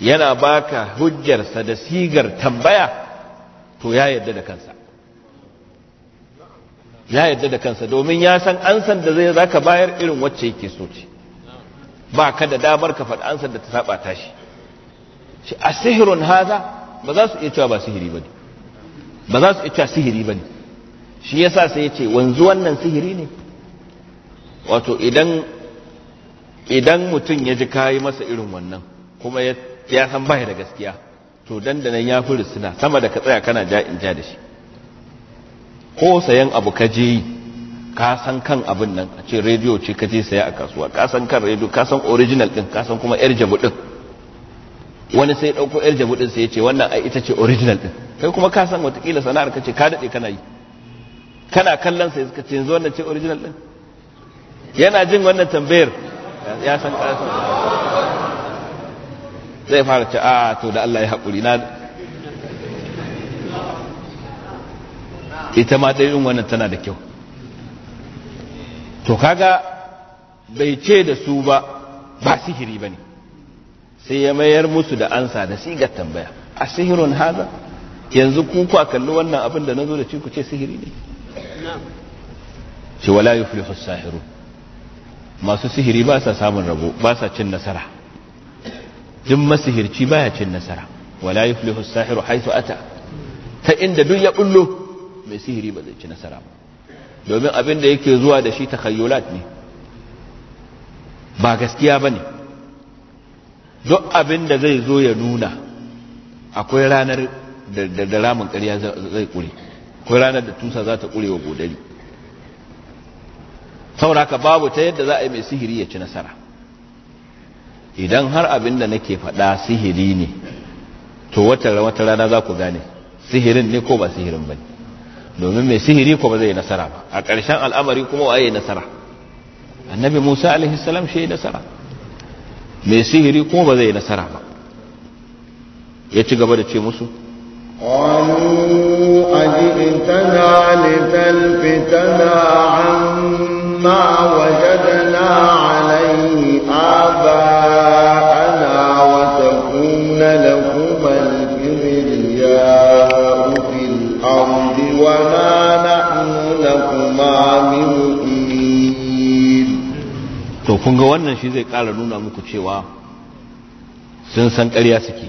yana baka hujjarsa da sigar tambaya to ya yarda da kansa ya yarda da kansa domin ya san ansan da zai zaka bayar irin wacce yake so ce ba ka da damar ka faɗi ansan da ta saba tashi shi a sihirun haza ba za su iya cewa ba sihiri ba ne ba za su iya cewa sihiri ba ne shi sa sai ya ce wanzu wannan sihiri ne wato idan idan mutum ya ji kayi masa irin wannan kuma ya san baya da gaskiya to dandanan ya fi risina sama da ka tsaya kana ja in ja da shi ko sayan abu ka je yi ka san kan abin nan a ce rediyo ce ka je saya a kasuwa ka san kan rediyo ka san original din ka san kuma yar jabu din wani sai dauko yar jabu din sai ya ce wannan ai ita ce original din kai kuma ka san watakila sana'ar ka ce ka dade kana yi kana kallon sai suka ce yanzu wannan ce original din yana jin wannan tambayar ya san ka san zai fara ce a ah, to da Allah ya haƙuri na ita ma yin wannan tana da kyau to kaga bai ce da su ba ba sihiri ba ne sai ya mayar musu da ansa da sigar tambaya a sihirun haza yanzu ku kalli wannan abin da na zo da ci ku ce sihiri ne ce wala sahiru masu sihiri ba sa samun rabo ba sa cin nasara duk masihirci baya cin nasara wala yuflihu as-sahiru haythu ata ta inda duk ya bullo mai sihiri ba zai ci nasara ba domin abin da yake zuwa da shi takhayulat ne ba gaskiya bane duk abinda zai zo ya nuna akwai ranar da ramin ƙarya zai kure. akwai ranar da tusa za ta ƙure wa godari saboda haka babu ta yadda za a yi mai sihiri ya ci nasara idan har abin da nake faɗa sihiri ne to wata rana za ku gane sihirin ne ko ba sihirin ba domin mai sihiri ko ba zai nasara ba a ƙarshen al'amari kuma waye nasara annabi musa alaihissalam shi nasara mai sihiri kuma ba zai nasara ba ya ci gaba da ce musu قالوا أجئتنا لتلفتنا عما وجدنا kun ga wannan shi zai ƙara nuna muku cewa sun san ƙarya suke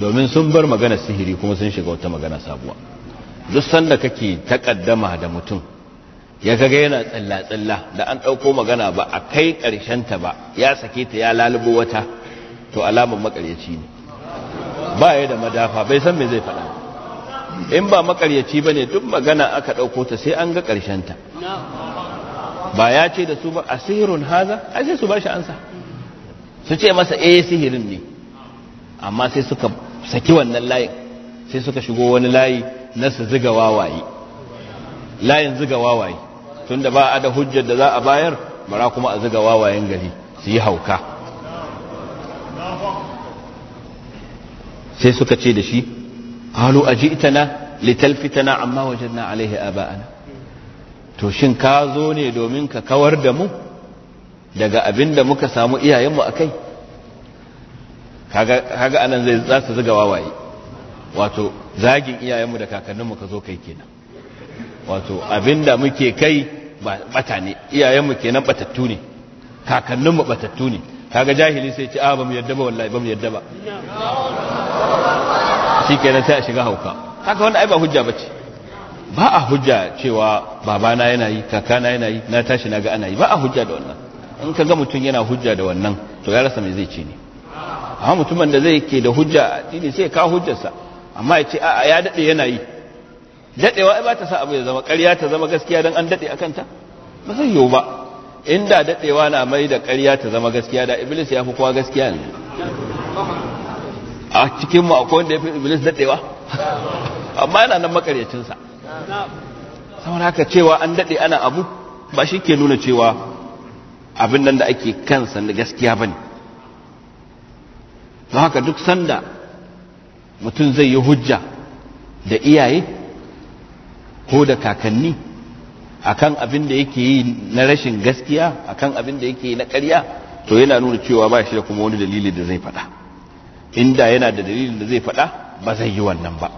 domin sun bar magana sihiri kuma sun shiga wata magana sabuwa duk sanda kake takaddama da mutum ya kaga yana tsalla-tsalla da an ɗauko magana ba a kai ƙarshen ta ba ya sake ta ya lalubo wata to alamar makaryaci ne ba ya da madafa bai san me zai faɗa in ba makaryaci ba ne duk magana aka ɗauko ta sai an ga ƙarshen ta. ba ya ce da su ba a sihirun haza ai sai su ba shi ansa su ce masa eh sihirin ne amma sai suka saki wannan layin sai suka shigo wani layi na su ziga wawaye layin ziga wawaye da ba a da hujjar da za a bayar bara kuma a ziga wawayen gari su yi hauka sai suka ce da shi a na ajitana litalfitana amma wajen wajadna alaihi ba'ana to shin ka zo ne domin ka kawar da mu daga abin da muka samu iyayenmu a kai kaga anan zai za su zuga wawaye wato zagin iyayenmu da kakanninmu ka zo kai kenan wato abin da muke kai bata ne iyayenmu kenan batattu ne kakanninmu batattu ne kaga jahili sai ce a ba mu yadda ba wallahi ba mu yadda ba shi kenan sai a shiga hauka haka wanda ai ba hujja ba ce." ba a hujja cewa babana yana yi kakana yana yi na tashi na ga ana yi ba a hujja da wannan in ka ga mutum yana hujja da wannan to ya rasa mai zai ce ne amma mutumin da zai ke da hujja a tini sai ka hujjarsa amma ya ce a ya daɗe yana yi daɗewa ba ta sa abu ya zama ƙarya ta zama gaskiya don an daɗe a kanta ba zai yiwu ba inda daɗewa na mai da ƙarya ta zama gaskiya da iblis ya fi kowa gaskiya ne a cikinmu akwai wanda ya fi iblis daɗewa amma yana nan makaryacinsa saboda haka cewa an daɗe ana abu ba shi ke nuna cewa abin nan da ake kansa na gaskiya ba ne don haka duk sanda mutum zai yi hujja da iyaye ko da kakanni akan abin da yake yi na rashin gaskiya akan abin da yake yi na ƙarya to yana nuna cewa ba shi da kuma wani dalili da zai faɗa inda yana da dalilin da zai faɗa ba zai yi wannan ba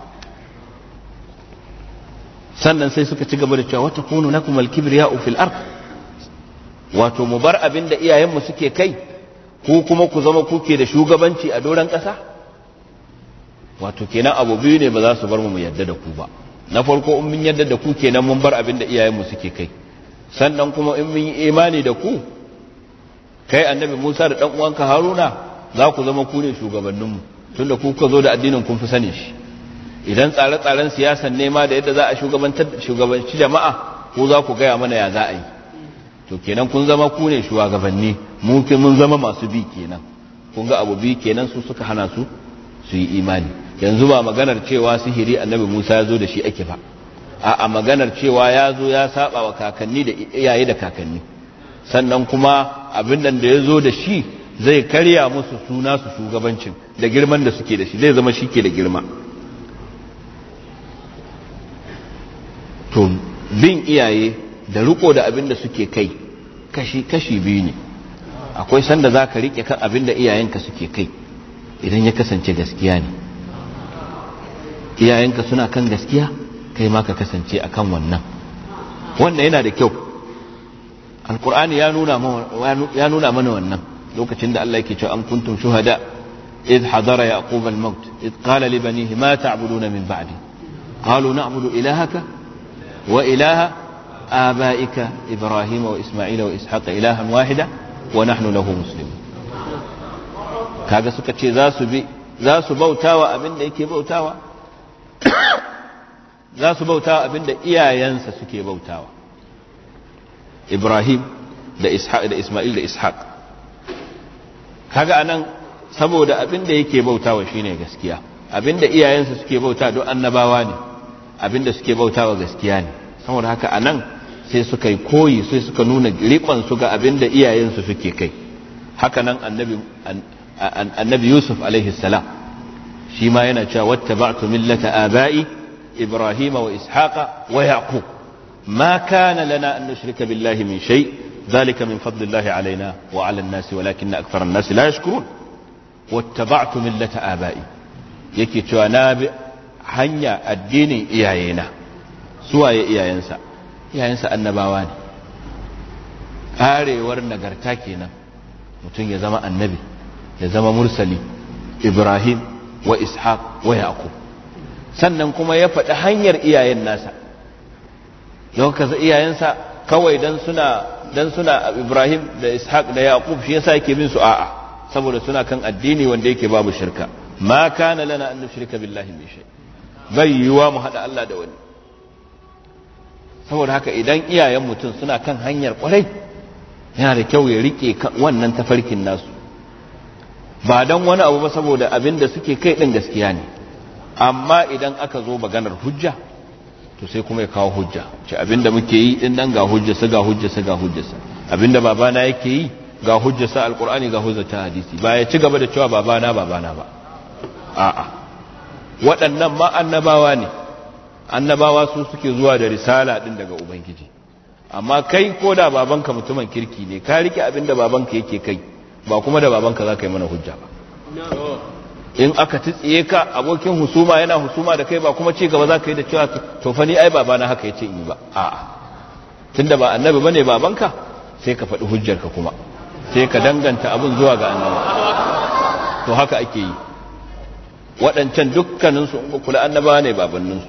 sannan sai suka ci gaba da cewa wata kunu na kuma alkibriya fil ard wato mu bar abin da iyayenmu suke kai ko kuma ku zama kuke da shugabanci a doron ƙasa wato kenan abu biyu ne ba za su bar mu mu yadda da ku ba na farko in mun yadda da ku kenan mun bar abin da iyayenmu suke kai sannan kuma in mun yi imani da ku kai annabi Musa da dan uwanka Haruna za ku zama ku ne shugabanninmu tunda ku ka zo da addinin kun fi sani shi idan tsare-tsaren siyasan nema da yadda za a shugabanci jama'a ko za ku gaya mana ya za a yi to kenan kun zama ku ne shugabanni mukin mun zama masu bi kenan kun ga abu bi kenan su suka hana su su yi imani yanzu ba maganar cewa sihiri annabi Musa ya zo da shi ake ba a maganar cewa ya zo ya saba wa kakanni da iyaye da kakanni sannan kuma abin nan da ya zo da shi zai karya musu suna su shugabancin da girman da suke da shi zai zama shi ke da girma to bin iyaye da riko da abin da suke kai kashi kashi biyu ne akwai sanda za ka rike kan abin da iyayenka suke kai idan ya kasance gaskiya ne iyayenka suna kan gaskiya kai ma ka kasance a kan wannan wannan yana da kyau alkur'ani ya nuna mana wannan lokacin da Allah yake cewa an kuntum shuhada إذ حضر يعقوب الموت إذ قال لبنيه ما تعبدون من بعدي قالوا نعبد إلهك wa ilaha abaika ibrahima wa isma'ila wa ishaqa ilahan wahida wa nahnu lahu muslimun kaga suka ce za su bi za su bautawa abinda yake bautawa za su bautawa abinda iyayensa suke bautawa ibrahim da ishaq da isma'il da ishaq kaga anan saboda abinda yake bautawa shine gaskiya abinda iyayensa suke bauta don annabawa ne abinda suke bautawa gaskiya ne saboda haka a nan sai suka yi koyi sai suka nuna su ga abinda iyayensu suke kai haka nan annabi yusuf salam shi ma yana cewa wata ba'atu millata aba'i ibrahima wa ishaqa wa yaqub ma kana lana an nushrika billahi min shay zalika min fadlillahi alaina wa ala an-nasi walakinna akthara an-nasi la yashkurun wattaba'tu millata aba'i yake cewa na bi hanya addinin iyayena suwaye iyayensa iyayensa annabawa ne karewar nagarta kenan mutum ya zama annabi ya zama mursali ibrahim wa ishaq wa yaqub sannan kuma ya faɗi hanyar iyayen nasa don iyayensa kawai dan suna dan suna ibrahim da ishaq da yaqub shi yasa yake bin su a'a saboda suna kan addini wanda yake babu shirka ma kana lana an nushrika billahi min shay' zai yiwuwa mu haɗa Allah da wani saboda haka idan iyayen mutum suna kan hanyar kwarai yana da kyau ya rike wannan tafarkin nasu ba don wani abu ba saboda abin da suke kai ɗin gaskiya ne amma idan aka zo maganar hujja to sai kuma ya kawo hujja ce abin da muke yi ɗin nan ga hujjasa ga hujjasa ga hujjasa abin da babana yake yi ga hujjasa alƙur'ani ga hujjata hadisi ba ya ci gaba da cewa babana babana ba a'a waɗannan ma annabawa ne annabawa su suke zuwa da risala ɗin daga ubangiji amma kai ko da babanka mutumin kirki ne ka rike abin da babanka yake kai ba kuma da babanka za ka yi mana hujja ba in aka tsaye ka abokin husuma yana husuma da kai ba kuma ci gaba za ka yi da cewa tofani ni ai baba na haka ya ce in ba a'a tunda ba annabi bane babanka sai ka faɗi hujjarka kuma sai ka danganta abin zuwa ga annabi to haka ake yi waɗancan dukkaninsu in kula annaba ne babanninsu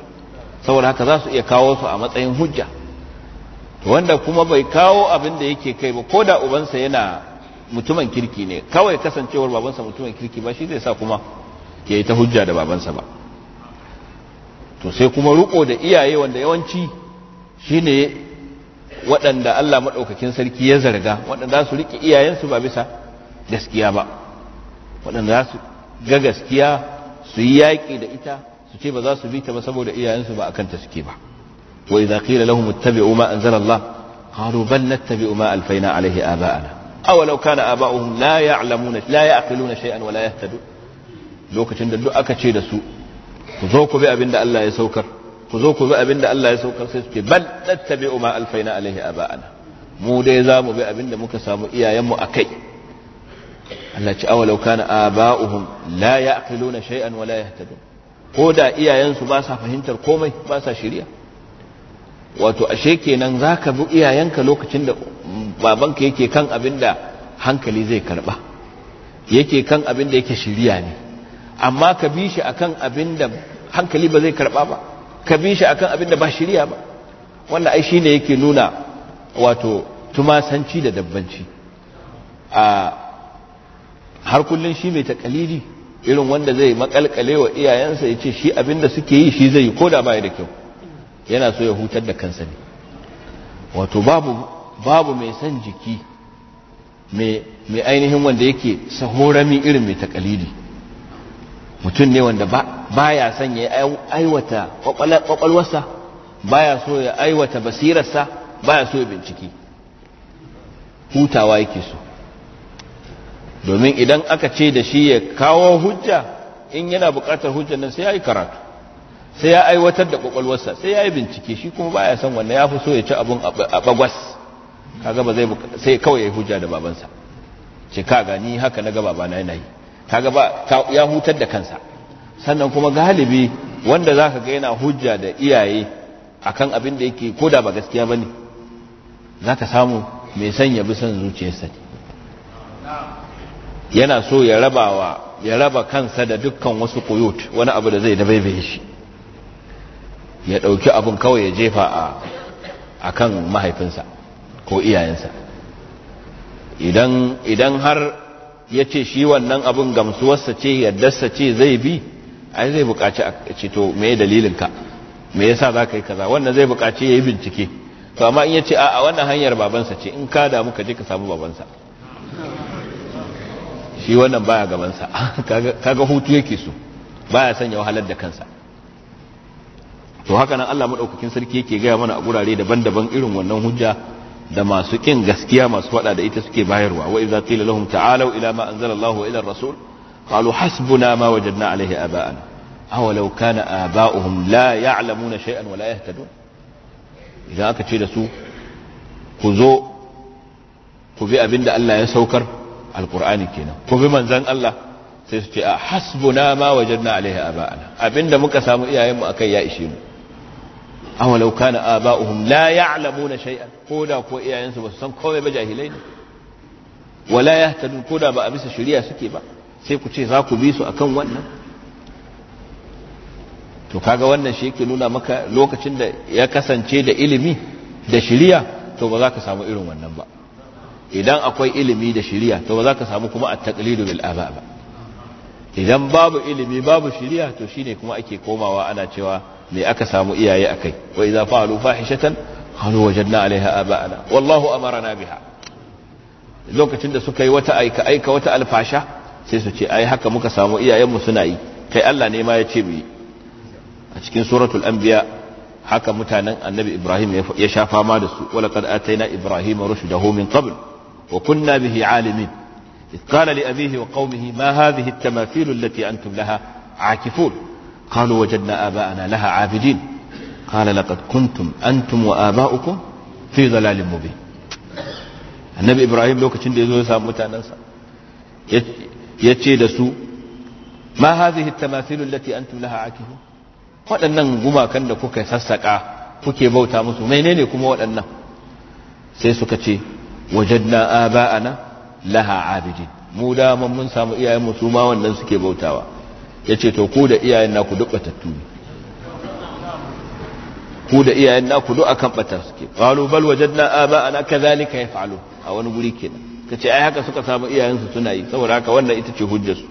saboda haka za su iya kawo su a matsayin hujja wanda kuma bai kawo abin da yake kai ba ko da ubansa yana mutumin kirki ne kawai kasancewar babansa mutumin kirki ba shi zai sa kuma ke ta hujja da babansa ba to sai kuma ruko da iyaye wanda yawanci shine waɗanda Allah maɗaukakin sarki ya zarga waɗanda su riƙe iyayensu ba bisa gaskiya ba waɗanda za su ga gaskiya su yi yaƙi da ita su ce ba za su bi ta ba saboda iyayensu ba akan ta suke ba wa idza qila lahum ittabi'u ma anzala Allah qalu bal nattabi'u ma alfayna alayhi aba'ana aw law kana aba'uhum la ya'lamuna la ya'qiluna shay'an wa la yahtadun lokacin da duk aka ce da su ku zo ku bi abinda Allah ya saukar ku zo ku bi abinda Allah ya saukar sai suke bal nattabi'u ma alfayna alayhi aba'ana mu dai za mu bi abinda muka samu iyayenmu akai Allah ci awalau kana aba'uhum la ya'qiluna shay'an wa la yahtadun ko da iyayensu ba sa fahimtar komai ba sa shiriya wato ashe kenan zaka bi iyayenka lokacin da babanka yake kan abin da hankali zai karba yake kan abin da yake shiriya ne amma ka bi shi akan abin da hankali ba zai karba ba ka bi shi akan abin da ba shiriya ba Wanda ai shine yake nuna wato tumasanci da dabbanci a har kullum shi mai takalili irin wanda zai makalkale wa iyayensa ya ce shi abinda suke yi shi zai yi ko da baya da kyau yana so ya hutar da kansa ne wato babu babu mai san jiki mai ainihin wanda yake sahorami irin mai takalili mutum ne wanda ba ya son ya aiwata kwakwalwarsa ba ya so ya aiwata basirarsa baya ya so ya binciki hutawa yake so domin idan aka ce da shi ya kawo hujja in yana bukatar hujjar nan sai ya yi karatu sai ya aiwatar da kwakwalwarsa sai ya yi bincike shi kuma baya son wannan ya fi so ya ci abun a bagwas kaga ba sai kawai ya yi hujja da babansa ce ka gani haka na gaba babana yana yi kaga ba ya hutar da kansa sannan kuma galibi wanda zaka ga yana hujja da iyaye akan abin da yake koda ba gaskiya ba ne za ka samu mai son ya bi son zuciyarsa ne yana so ya rabawa ya raba kansa da dukkan wasu kuyut wani abu da zai dabaibaye shi ya ɗauki abin kawai ya jefa a kan mahaifinsa ko iyayensa idan har ya ce shi wannan abin gamsuwarsa ce yaddarsa ce zai bi ai zai buƙaci a cito me dalilinka me yasa za ka yi kaza wannan zai buƙaci ya yi bincike to amma in ya ce a wannan hanyar babansa ce in ka damu ka je ka samu babansa shi wannan baya gabansa kaga hutu yake so baya sanya wahalar da kansa to haka nan Allah madaukakin sarki yake gaya mana a gurare daban-daban irin wannan hujja da masu kin gaskiya masu fada da ita suke bayarwa wa idza qila lahum ta'alu ila ma anzalallahu ila ar-rasul qalu hasbuna ma wajadna alayhi aba'ana aw law kana aba'uhum la ya'lamuna shay'an wa la yahtadun idan aka ce da su ku zo ku bi abinda Allah ya saukar alkur'ani kenan ko bi manzan Allah sai su ce a hasbuna ma wajadna alaihi aba'ana abinda muka samu iyayenmu akai ya ishe mu law kana aba'uhum la ya'lamuna shay'an da ko iyayensu ba su san komai ba jahilai ne wala yahtadun da ba a bisa shari'a suke ba sai ku ce za ku bi su akan wannan to kaga wannan shi yake nuna maka lokacin da ya kasance da ilimi da shari'a to ba za ka samu irin wannan ba idan akwai ilimi da shiriya to ba za ka samu kuma a taqlidu bil aba ba idan babu ilimi babu shiriya to shine kuma ake komawa ana cewa me aka samu iyaye akai wa idza fa'alu fahishatan qalu wajadna 'alaiha aba'ana wallahu amarna biha lokacin da suka yi wata aika aika wata alfasha sai su ce ai haka muka samu iyayenmu suna yi kai Allah ne ma ya ce mu yi a cikin suratul anbiya haka mutanen annabi ibrahim ya sha fama da su wala qad ataina ibrahima rushdahu min qabl وكنا به عالمين إذ قال لأبيه وقومه ما هذه التماثيل التي أنتم لها عاكفون قالوا وجدنا آباءنا لها عابدين قال لقد كنتم أنتم وآباؤكم في ضلال مبين النبي إبراهيم لو كتن ديزو سامتا ننسى يتشيدسو ما هذه التماثيل التي أنتم لها عاكفون قال أنن قما كان لكوك سسكا فكي بوتا مسو مينين يكمو أنن سيسو كتشي wajadna aba'ana laha abidin mu da mun samu iyayen mu su ma wannan suke bautawa yace to ku da iyayen naku duk batattu ne ku da iyayen naku duk akan batar suke qalu bal wajadna aba'ana kadhalika yaf'alu a wani guri kenan kace ai haka suka samu iyayen su suna yi saboda haka wannan ita ce hujjar su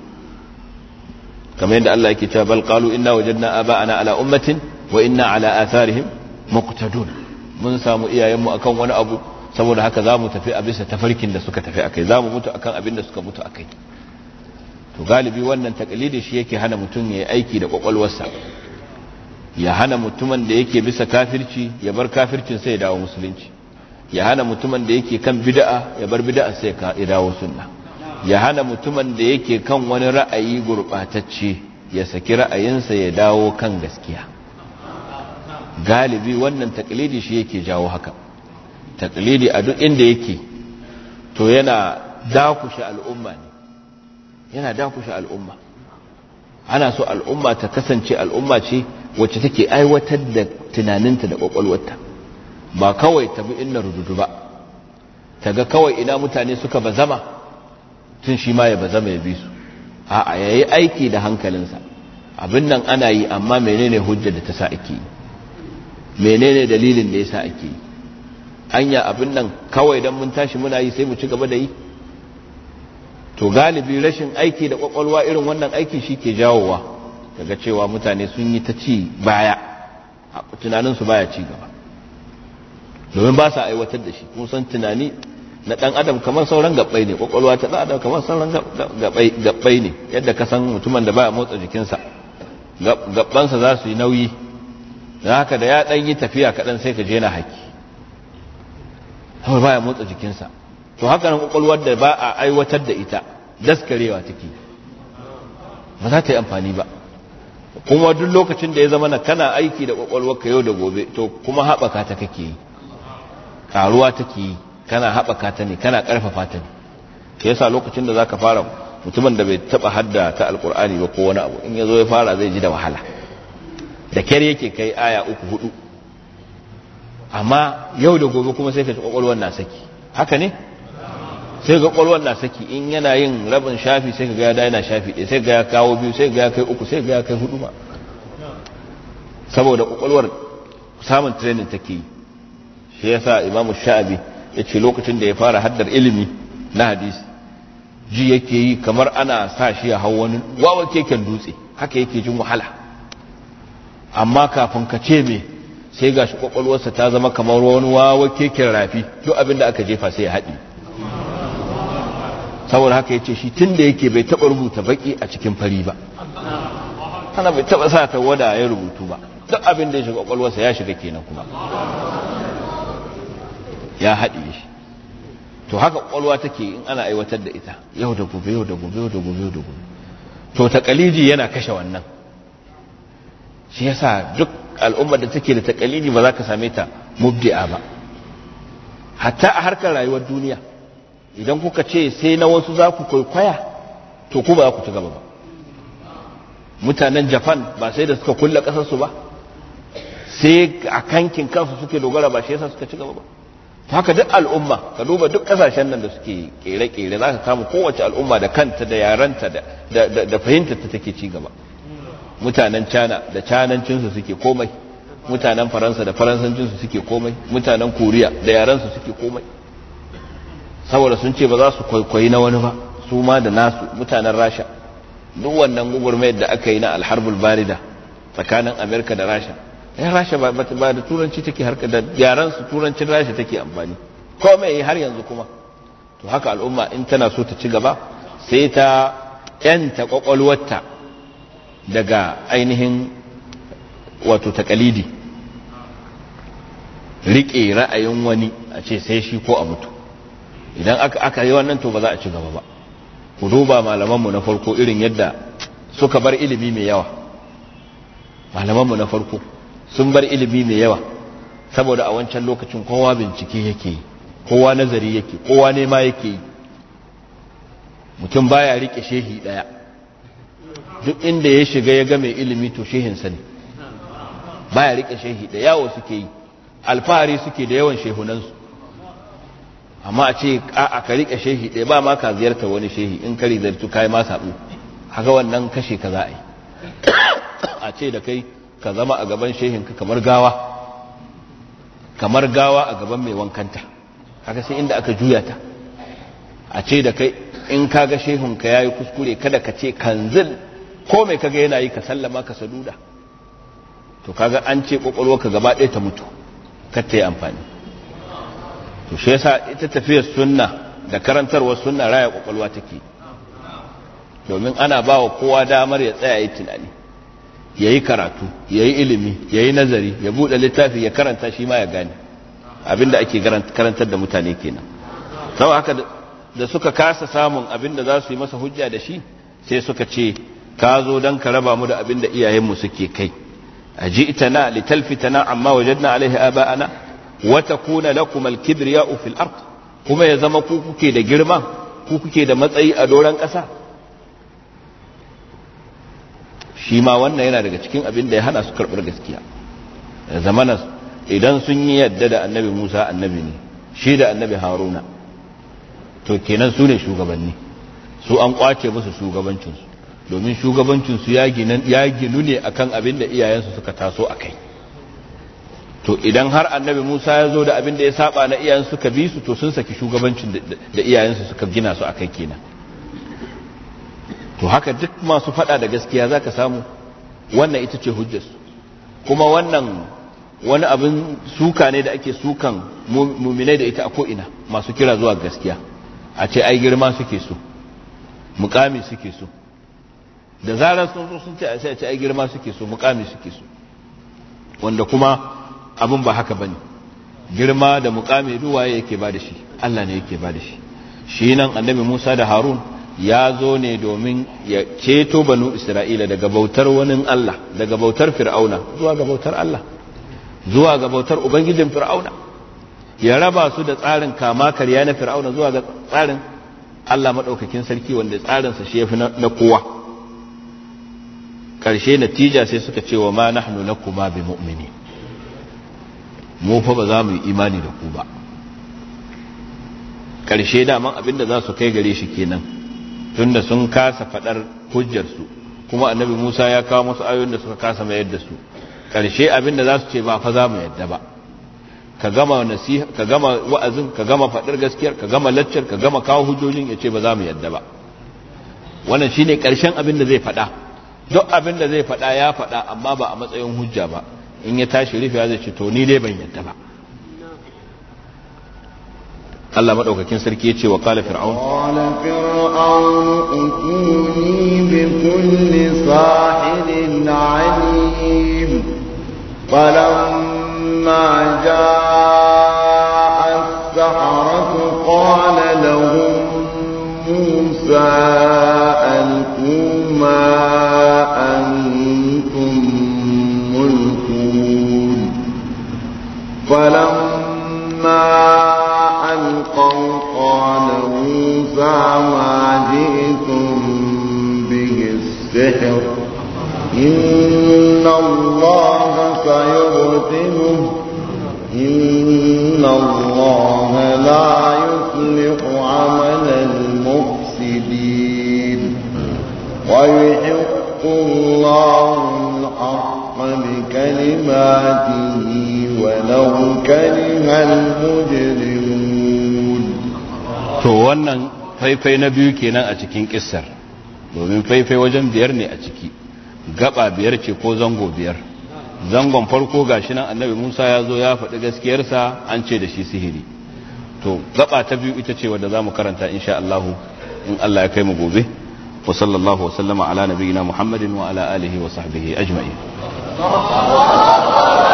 kamar yadda Allah yake cewa bal qalu inna wajadna aba'ana ala ummatin wa inna ala atharihim muqtadun mun samu iyayen mu akan wani abu saboda haka za mu tafi a bisa tafarkin da suka tafi a kai, za mu mutu akan abin da suka mutu a kai. to galibi wannan takalidi shi yake hana mutum ya yi aiki da kwakwalwarsa ya hana mutumin da yake bisa kafirci ya bar kafircin sai ya dawo musulunci ya hana mutumin da yake kan bid'a ya bar bid'a sai ya dawo sunna ya hana mutumin da yake kan wani ra'ayi gurbatacce ya saki ra'ayinsa ya dawo kan gaskiya galibi wannan takalidi shi yake jawo haka taklidi a duk inda yake to yana dakushe al'umma ne yana dakushe al'umma ana so al'umma ta kasance al'umma ce wacce take aiwatar da tunaninta da kwakwalwarta ba kawai ta bi inna rududu ba ta ga kawai ina mutane suka bazama tun shi ma ya bazama ya bi su a yayi aiki da hankalinsa abin nan ana yi amma menene hujjar da ta sa ake yi menene dalilin da ya sa ake yi anya abin nan kawai don mun tashi muna yi sai mu ci gaba da yi to galibi rashin aiki da kwakwalwa irin wannan aiki shi ke jawowa daga cewa mutane sun yi ta ci baya tunaninsu baya ci gaba domin ba sa aiwatar da shi kun san tunani na dan adam kamar sauran gabbai ne kwakwalwa ta dan adam kamar sauran gabbai ne yadda ka san mutumin da baya motsa jikinsa gabbansa za su yi nauyi haka da ya dan yi tafiya kaɗan sai ka je na haki kawai ya motsa jikinsa to haka nan kwakwalwar da ba a aiwatar da ita daskarewa take ba za ta yi amfani ba kuma duk lokacin da ya zama na kana aiki da kwakwalwar ka yau da gobe to kuma haɓaka ta kake yi ƙaruwa take yi kana haɓaka ta ne kana ƙarfafa ta ne ke yasa lokacin da za ka fara mutumin da bai taɓa hadda ta alƙur'ani ba ko wani abu in ya zo ya fara zai ji da wahala da kyar yake kai aya uku hudu amma yau da gobe kuma sai ka ji kwakwalwar na saki haka ne sai ga kwakwalwar na saki in yana yin rabin shafi sai ka ga ya yana shafi ɗaya sai ga ya kawo biyu sai ga ya kai uku sai ga ya kai hudu ma saboda kwakwalwar samun training take yi shi yasa imamu sha'abi ya ce lokacin da ya fara haddar ilimi na hadisi ji yake yi kamar ana sa shi ya hau wani wawa keken dutse haka yake jin wahala amma kafin ka ce me sai ga shi kwakwalwarsa ta zama kamar wani wawa kekin rafi duk abin da aka jefa sai ya haɗi saboda haka ya ce shi tun da yake bai taɓa rubuta baƙi a cikin fari ba ana bai taɓa sa ta wada ya rubutu ba duk abin da ya shiga kwakwalwarsa ya shiga kenan kuma ya haɗe shi to haka kwakwalwa take in ana aiwatar da ita yau da gobe yau da gobe yau da gobe yau da gobe to ta takaliji yana kashe wannan shi yasa duk al'ummar da take da takalili ba za ka same ta mubdi'a ba hatta a harkar rayuwar duniya idan kuka ce sai na wasu za ku kwaikwaya to ku ba za ku ci gaba ba mutanen japan ba sai da suka kulla kasarsu ba sai a kankin kansu suke dogara ba shi yasa suka ci gaba ba haka duk al'umma ka duba duk kasashen nan da suke kere-kere za ka kama kowace al'umma da kanta da yaranta da fahimtar ta take ci gaba mutanen cana da canancinsu suke komai mutanen faransa da faransancinsu suke komai mutanen koriya da yarensu suke komai saboda sun ce ba za su kwaikwayi na wani ba su ma da nasu mutanen rasha duk wannan gugurmayar da aka yi na alharbul barida tsakanin amerika da rasha ya eh, rasha ba da turanci take harka da yarensu turancin rasha take amfani komai har yanzu kuma to haka al'umma in tana so ta ci gaba sai ta yanta kwakwalwarta daga ainihin wato takalidi riƙe ra'ayin wani a ce sai shi ko a mutu idan aka yi wannan to ba za a ci gaba ba ku duba malamanmu na farko irin yadda suka bar ilimi mai yawa malamanmu na farko sun bar ilimi mai yawa saboda a wancan lokacin kowa bincike yake yi kowa nazari yake kowa nema yake yi mutum baya riƙe shehi ɗaya. duk inda ya shiga ya ga mai ilimi to shehinsa ne baya rike shehi da yawo suke yi alfahari suke da yawan shehunansu amma a ce a ka rike shehi ɗaya ba ma ka ziyarta wani shehi in kari zartu kai ma sabu haka wannan kashe ka za a yi a ce da kai ka zama a gaban shehin ka kamar gawa kamar gawa a gaban mai wankanta haka sai inda aka juya ta a ce da kai in ka shehin shehunka ya yi kuskure kada ka ce kanzil ko mai kaga yana yi ka sallama ka saduda to kaga an ce ka gaba ɗaya ta mutu kar yi amfani to shi yasa ita tafiyar sunna da karantarwar sunna raya kwakwalwa take domin ana ba wa kowa damar ya tsaya yi tunani ya yi karatu ya yi ilimi ya yi nazari ya buɗe littafi ya karanta shi ma ya gane abinda ake karantar da mutane kenan sau haka da suka kasa samun abinda za su yi masa hujja da shi sai suka ce ka zo don ka raba mu da abin da iyayenmu suke kai a ji ita na itana na amma wajen na alaihi ba'ana wata kuna lakum al-kibriya'u ofil art kuma ya zama ku kuke da girma ku kuke da matsayi a doron ƙasa shi ma wannan yana daga cikin abin da ya hana su karɓar gaskiya zamanas idan sun yi yadda da annabi Musa annabi ne shi da annabi Haruna to kenan su ne shugabanni su an kwace musu shugabancinsu domin shugabancinsu ya ginu ne akan abin da iyayensu suka taso a kai to idan har annabi musa ya zo da abin da ya saba na iyayensu suka bi su to sun saki shugabancin da iyayensu suka gina su a kai kenan to haka duk masu fada da gaskiya za ka samu wannan ita ce hujjarsu kuma wannan wani abin suka ne da ake sukan muminai da ita a ko'ina masu kira zuwa gaskiya a ce ai girma suke so mukami suke so da zarar sun zo sun ce a sai ai girma suke so mukami suke so wanda kuma abin ba haka bane girma da mukami waye yake ba da shi Allah ne yake ba da shi shi nan annabi Musa da Harun ya zo ne domin ya ceto banu Isra'ila daga bautar wani Allah daga bautar Fir'auna zuwa ga bautar Allah zuwa ga bautar ubangijin Fir'auna ya raba su da tsarin kama karya na Fir'auna zuwa ga tsarin Allah madaukakin sarki wanda tsarinsa shi yafi na kowa karshe natija sai suka ce wa ma nahnu lakuma bi mu'mini mu fa ba za mu yi imani da ku ba ƙarshe daman abinda za su kai gare shi kenan tunda sun kasa faɗar hujjarsu kuma annabi musa ya kawo musu ayoyin da suka kasa mayar da su abin abinda za su ce ba fa za mu yadda ba ka gama nasiha ka gama wa'azin ka gama fadar gaskiyar ka gama laccar ka gama kawo hujjojin ya ce ba za mu yadda ba wannan shine karshen abin da zai fada. duk abin da zai faɗa ya faɗa amma ba a matsayin hujja ba in ya tashi rufe ya zai ce to ni dai ban yadda ba Allah madaukakin sarki yace wa qala fir'aun qala fir'aun utuni bi kulli sahirin alim falamma jaa as qala lahum musa alquma السحر إن الله سيغتمه إن الله لا يصلح عمل المفسدين ويحق الله الحق بكلماته ولو كره المجرمون to wannan faifai na biyu kenan a cikin kissar domin faifai wajen biyar ne a ciki gaba biyar ce ko zango biyar zangon farko gashi nan annabi musa ya zo ya faɗi gaskiyarsa an ce da shi sihiri to gaba ta biyu ita ce wadda za mu karanta insha Allahu in Allah ya kai mu gobe wa sallallahu wa ala nabiyina muhammadin wa ala alihi wa sahbihi ajma'i.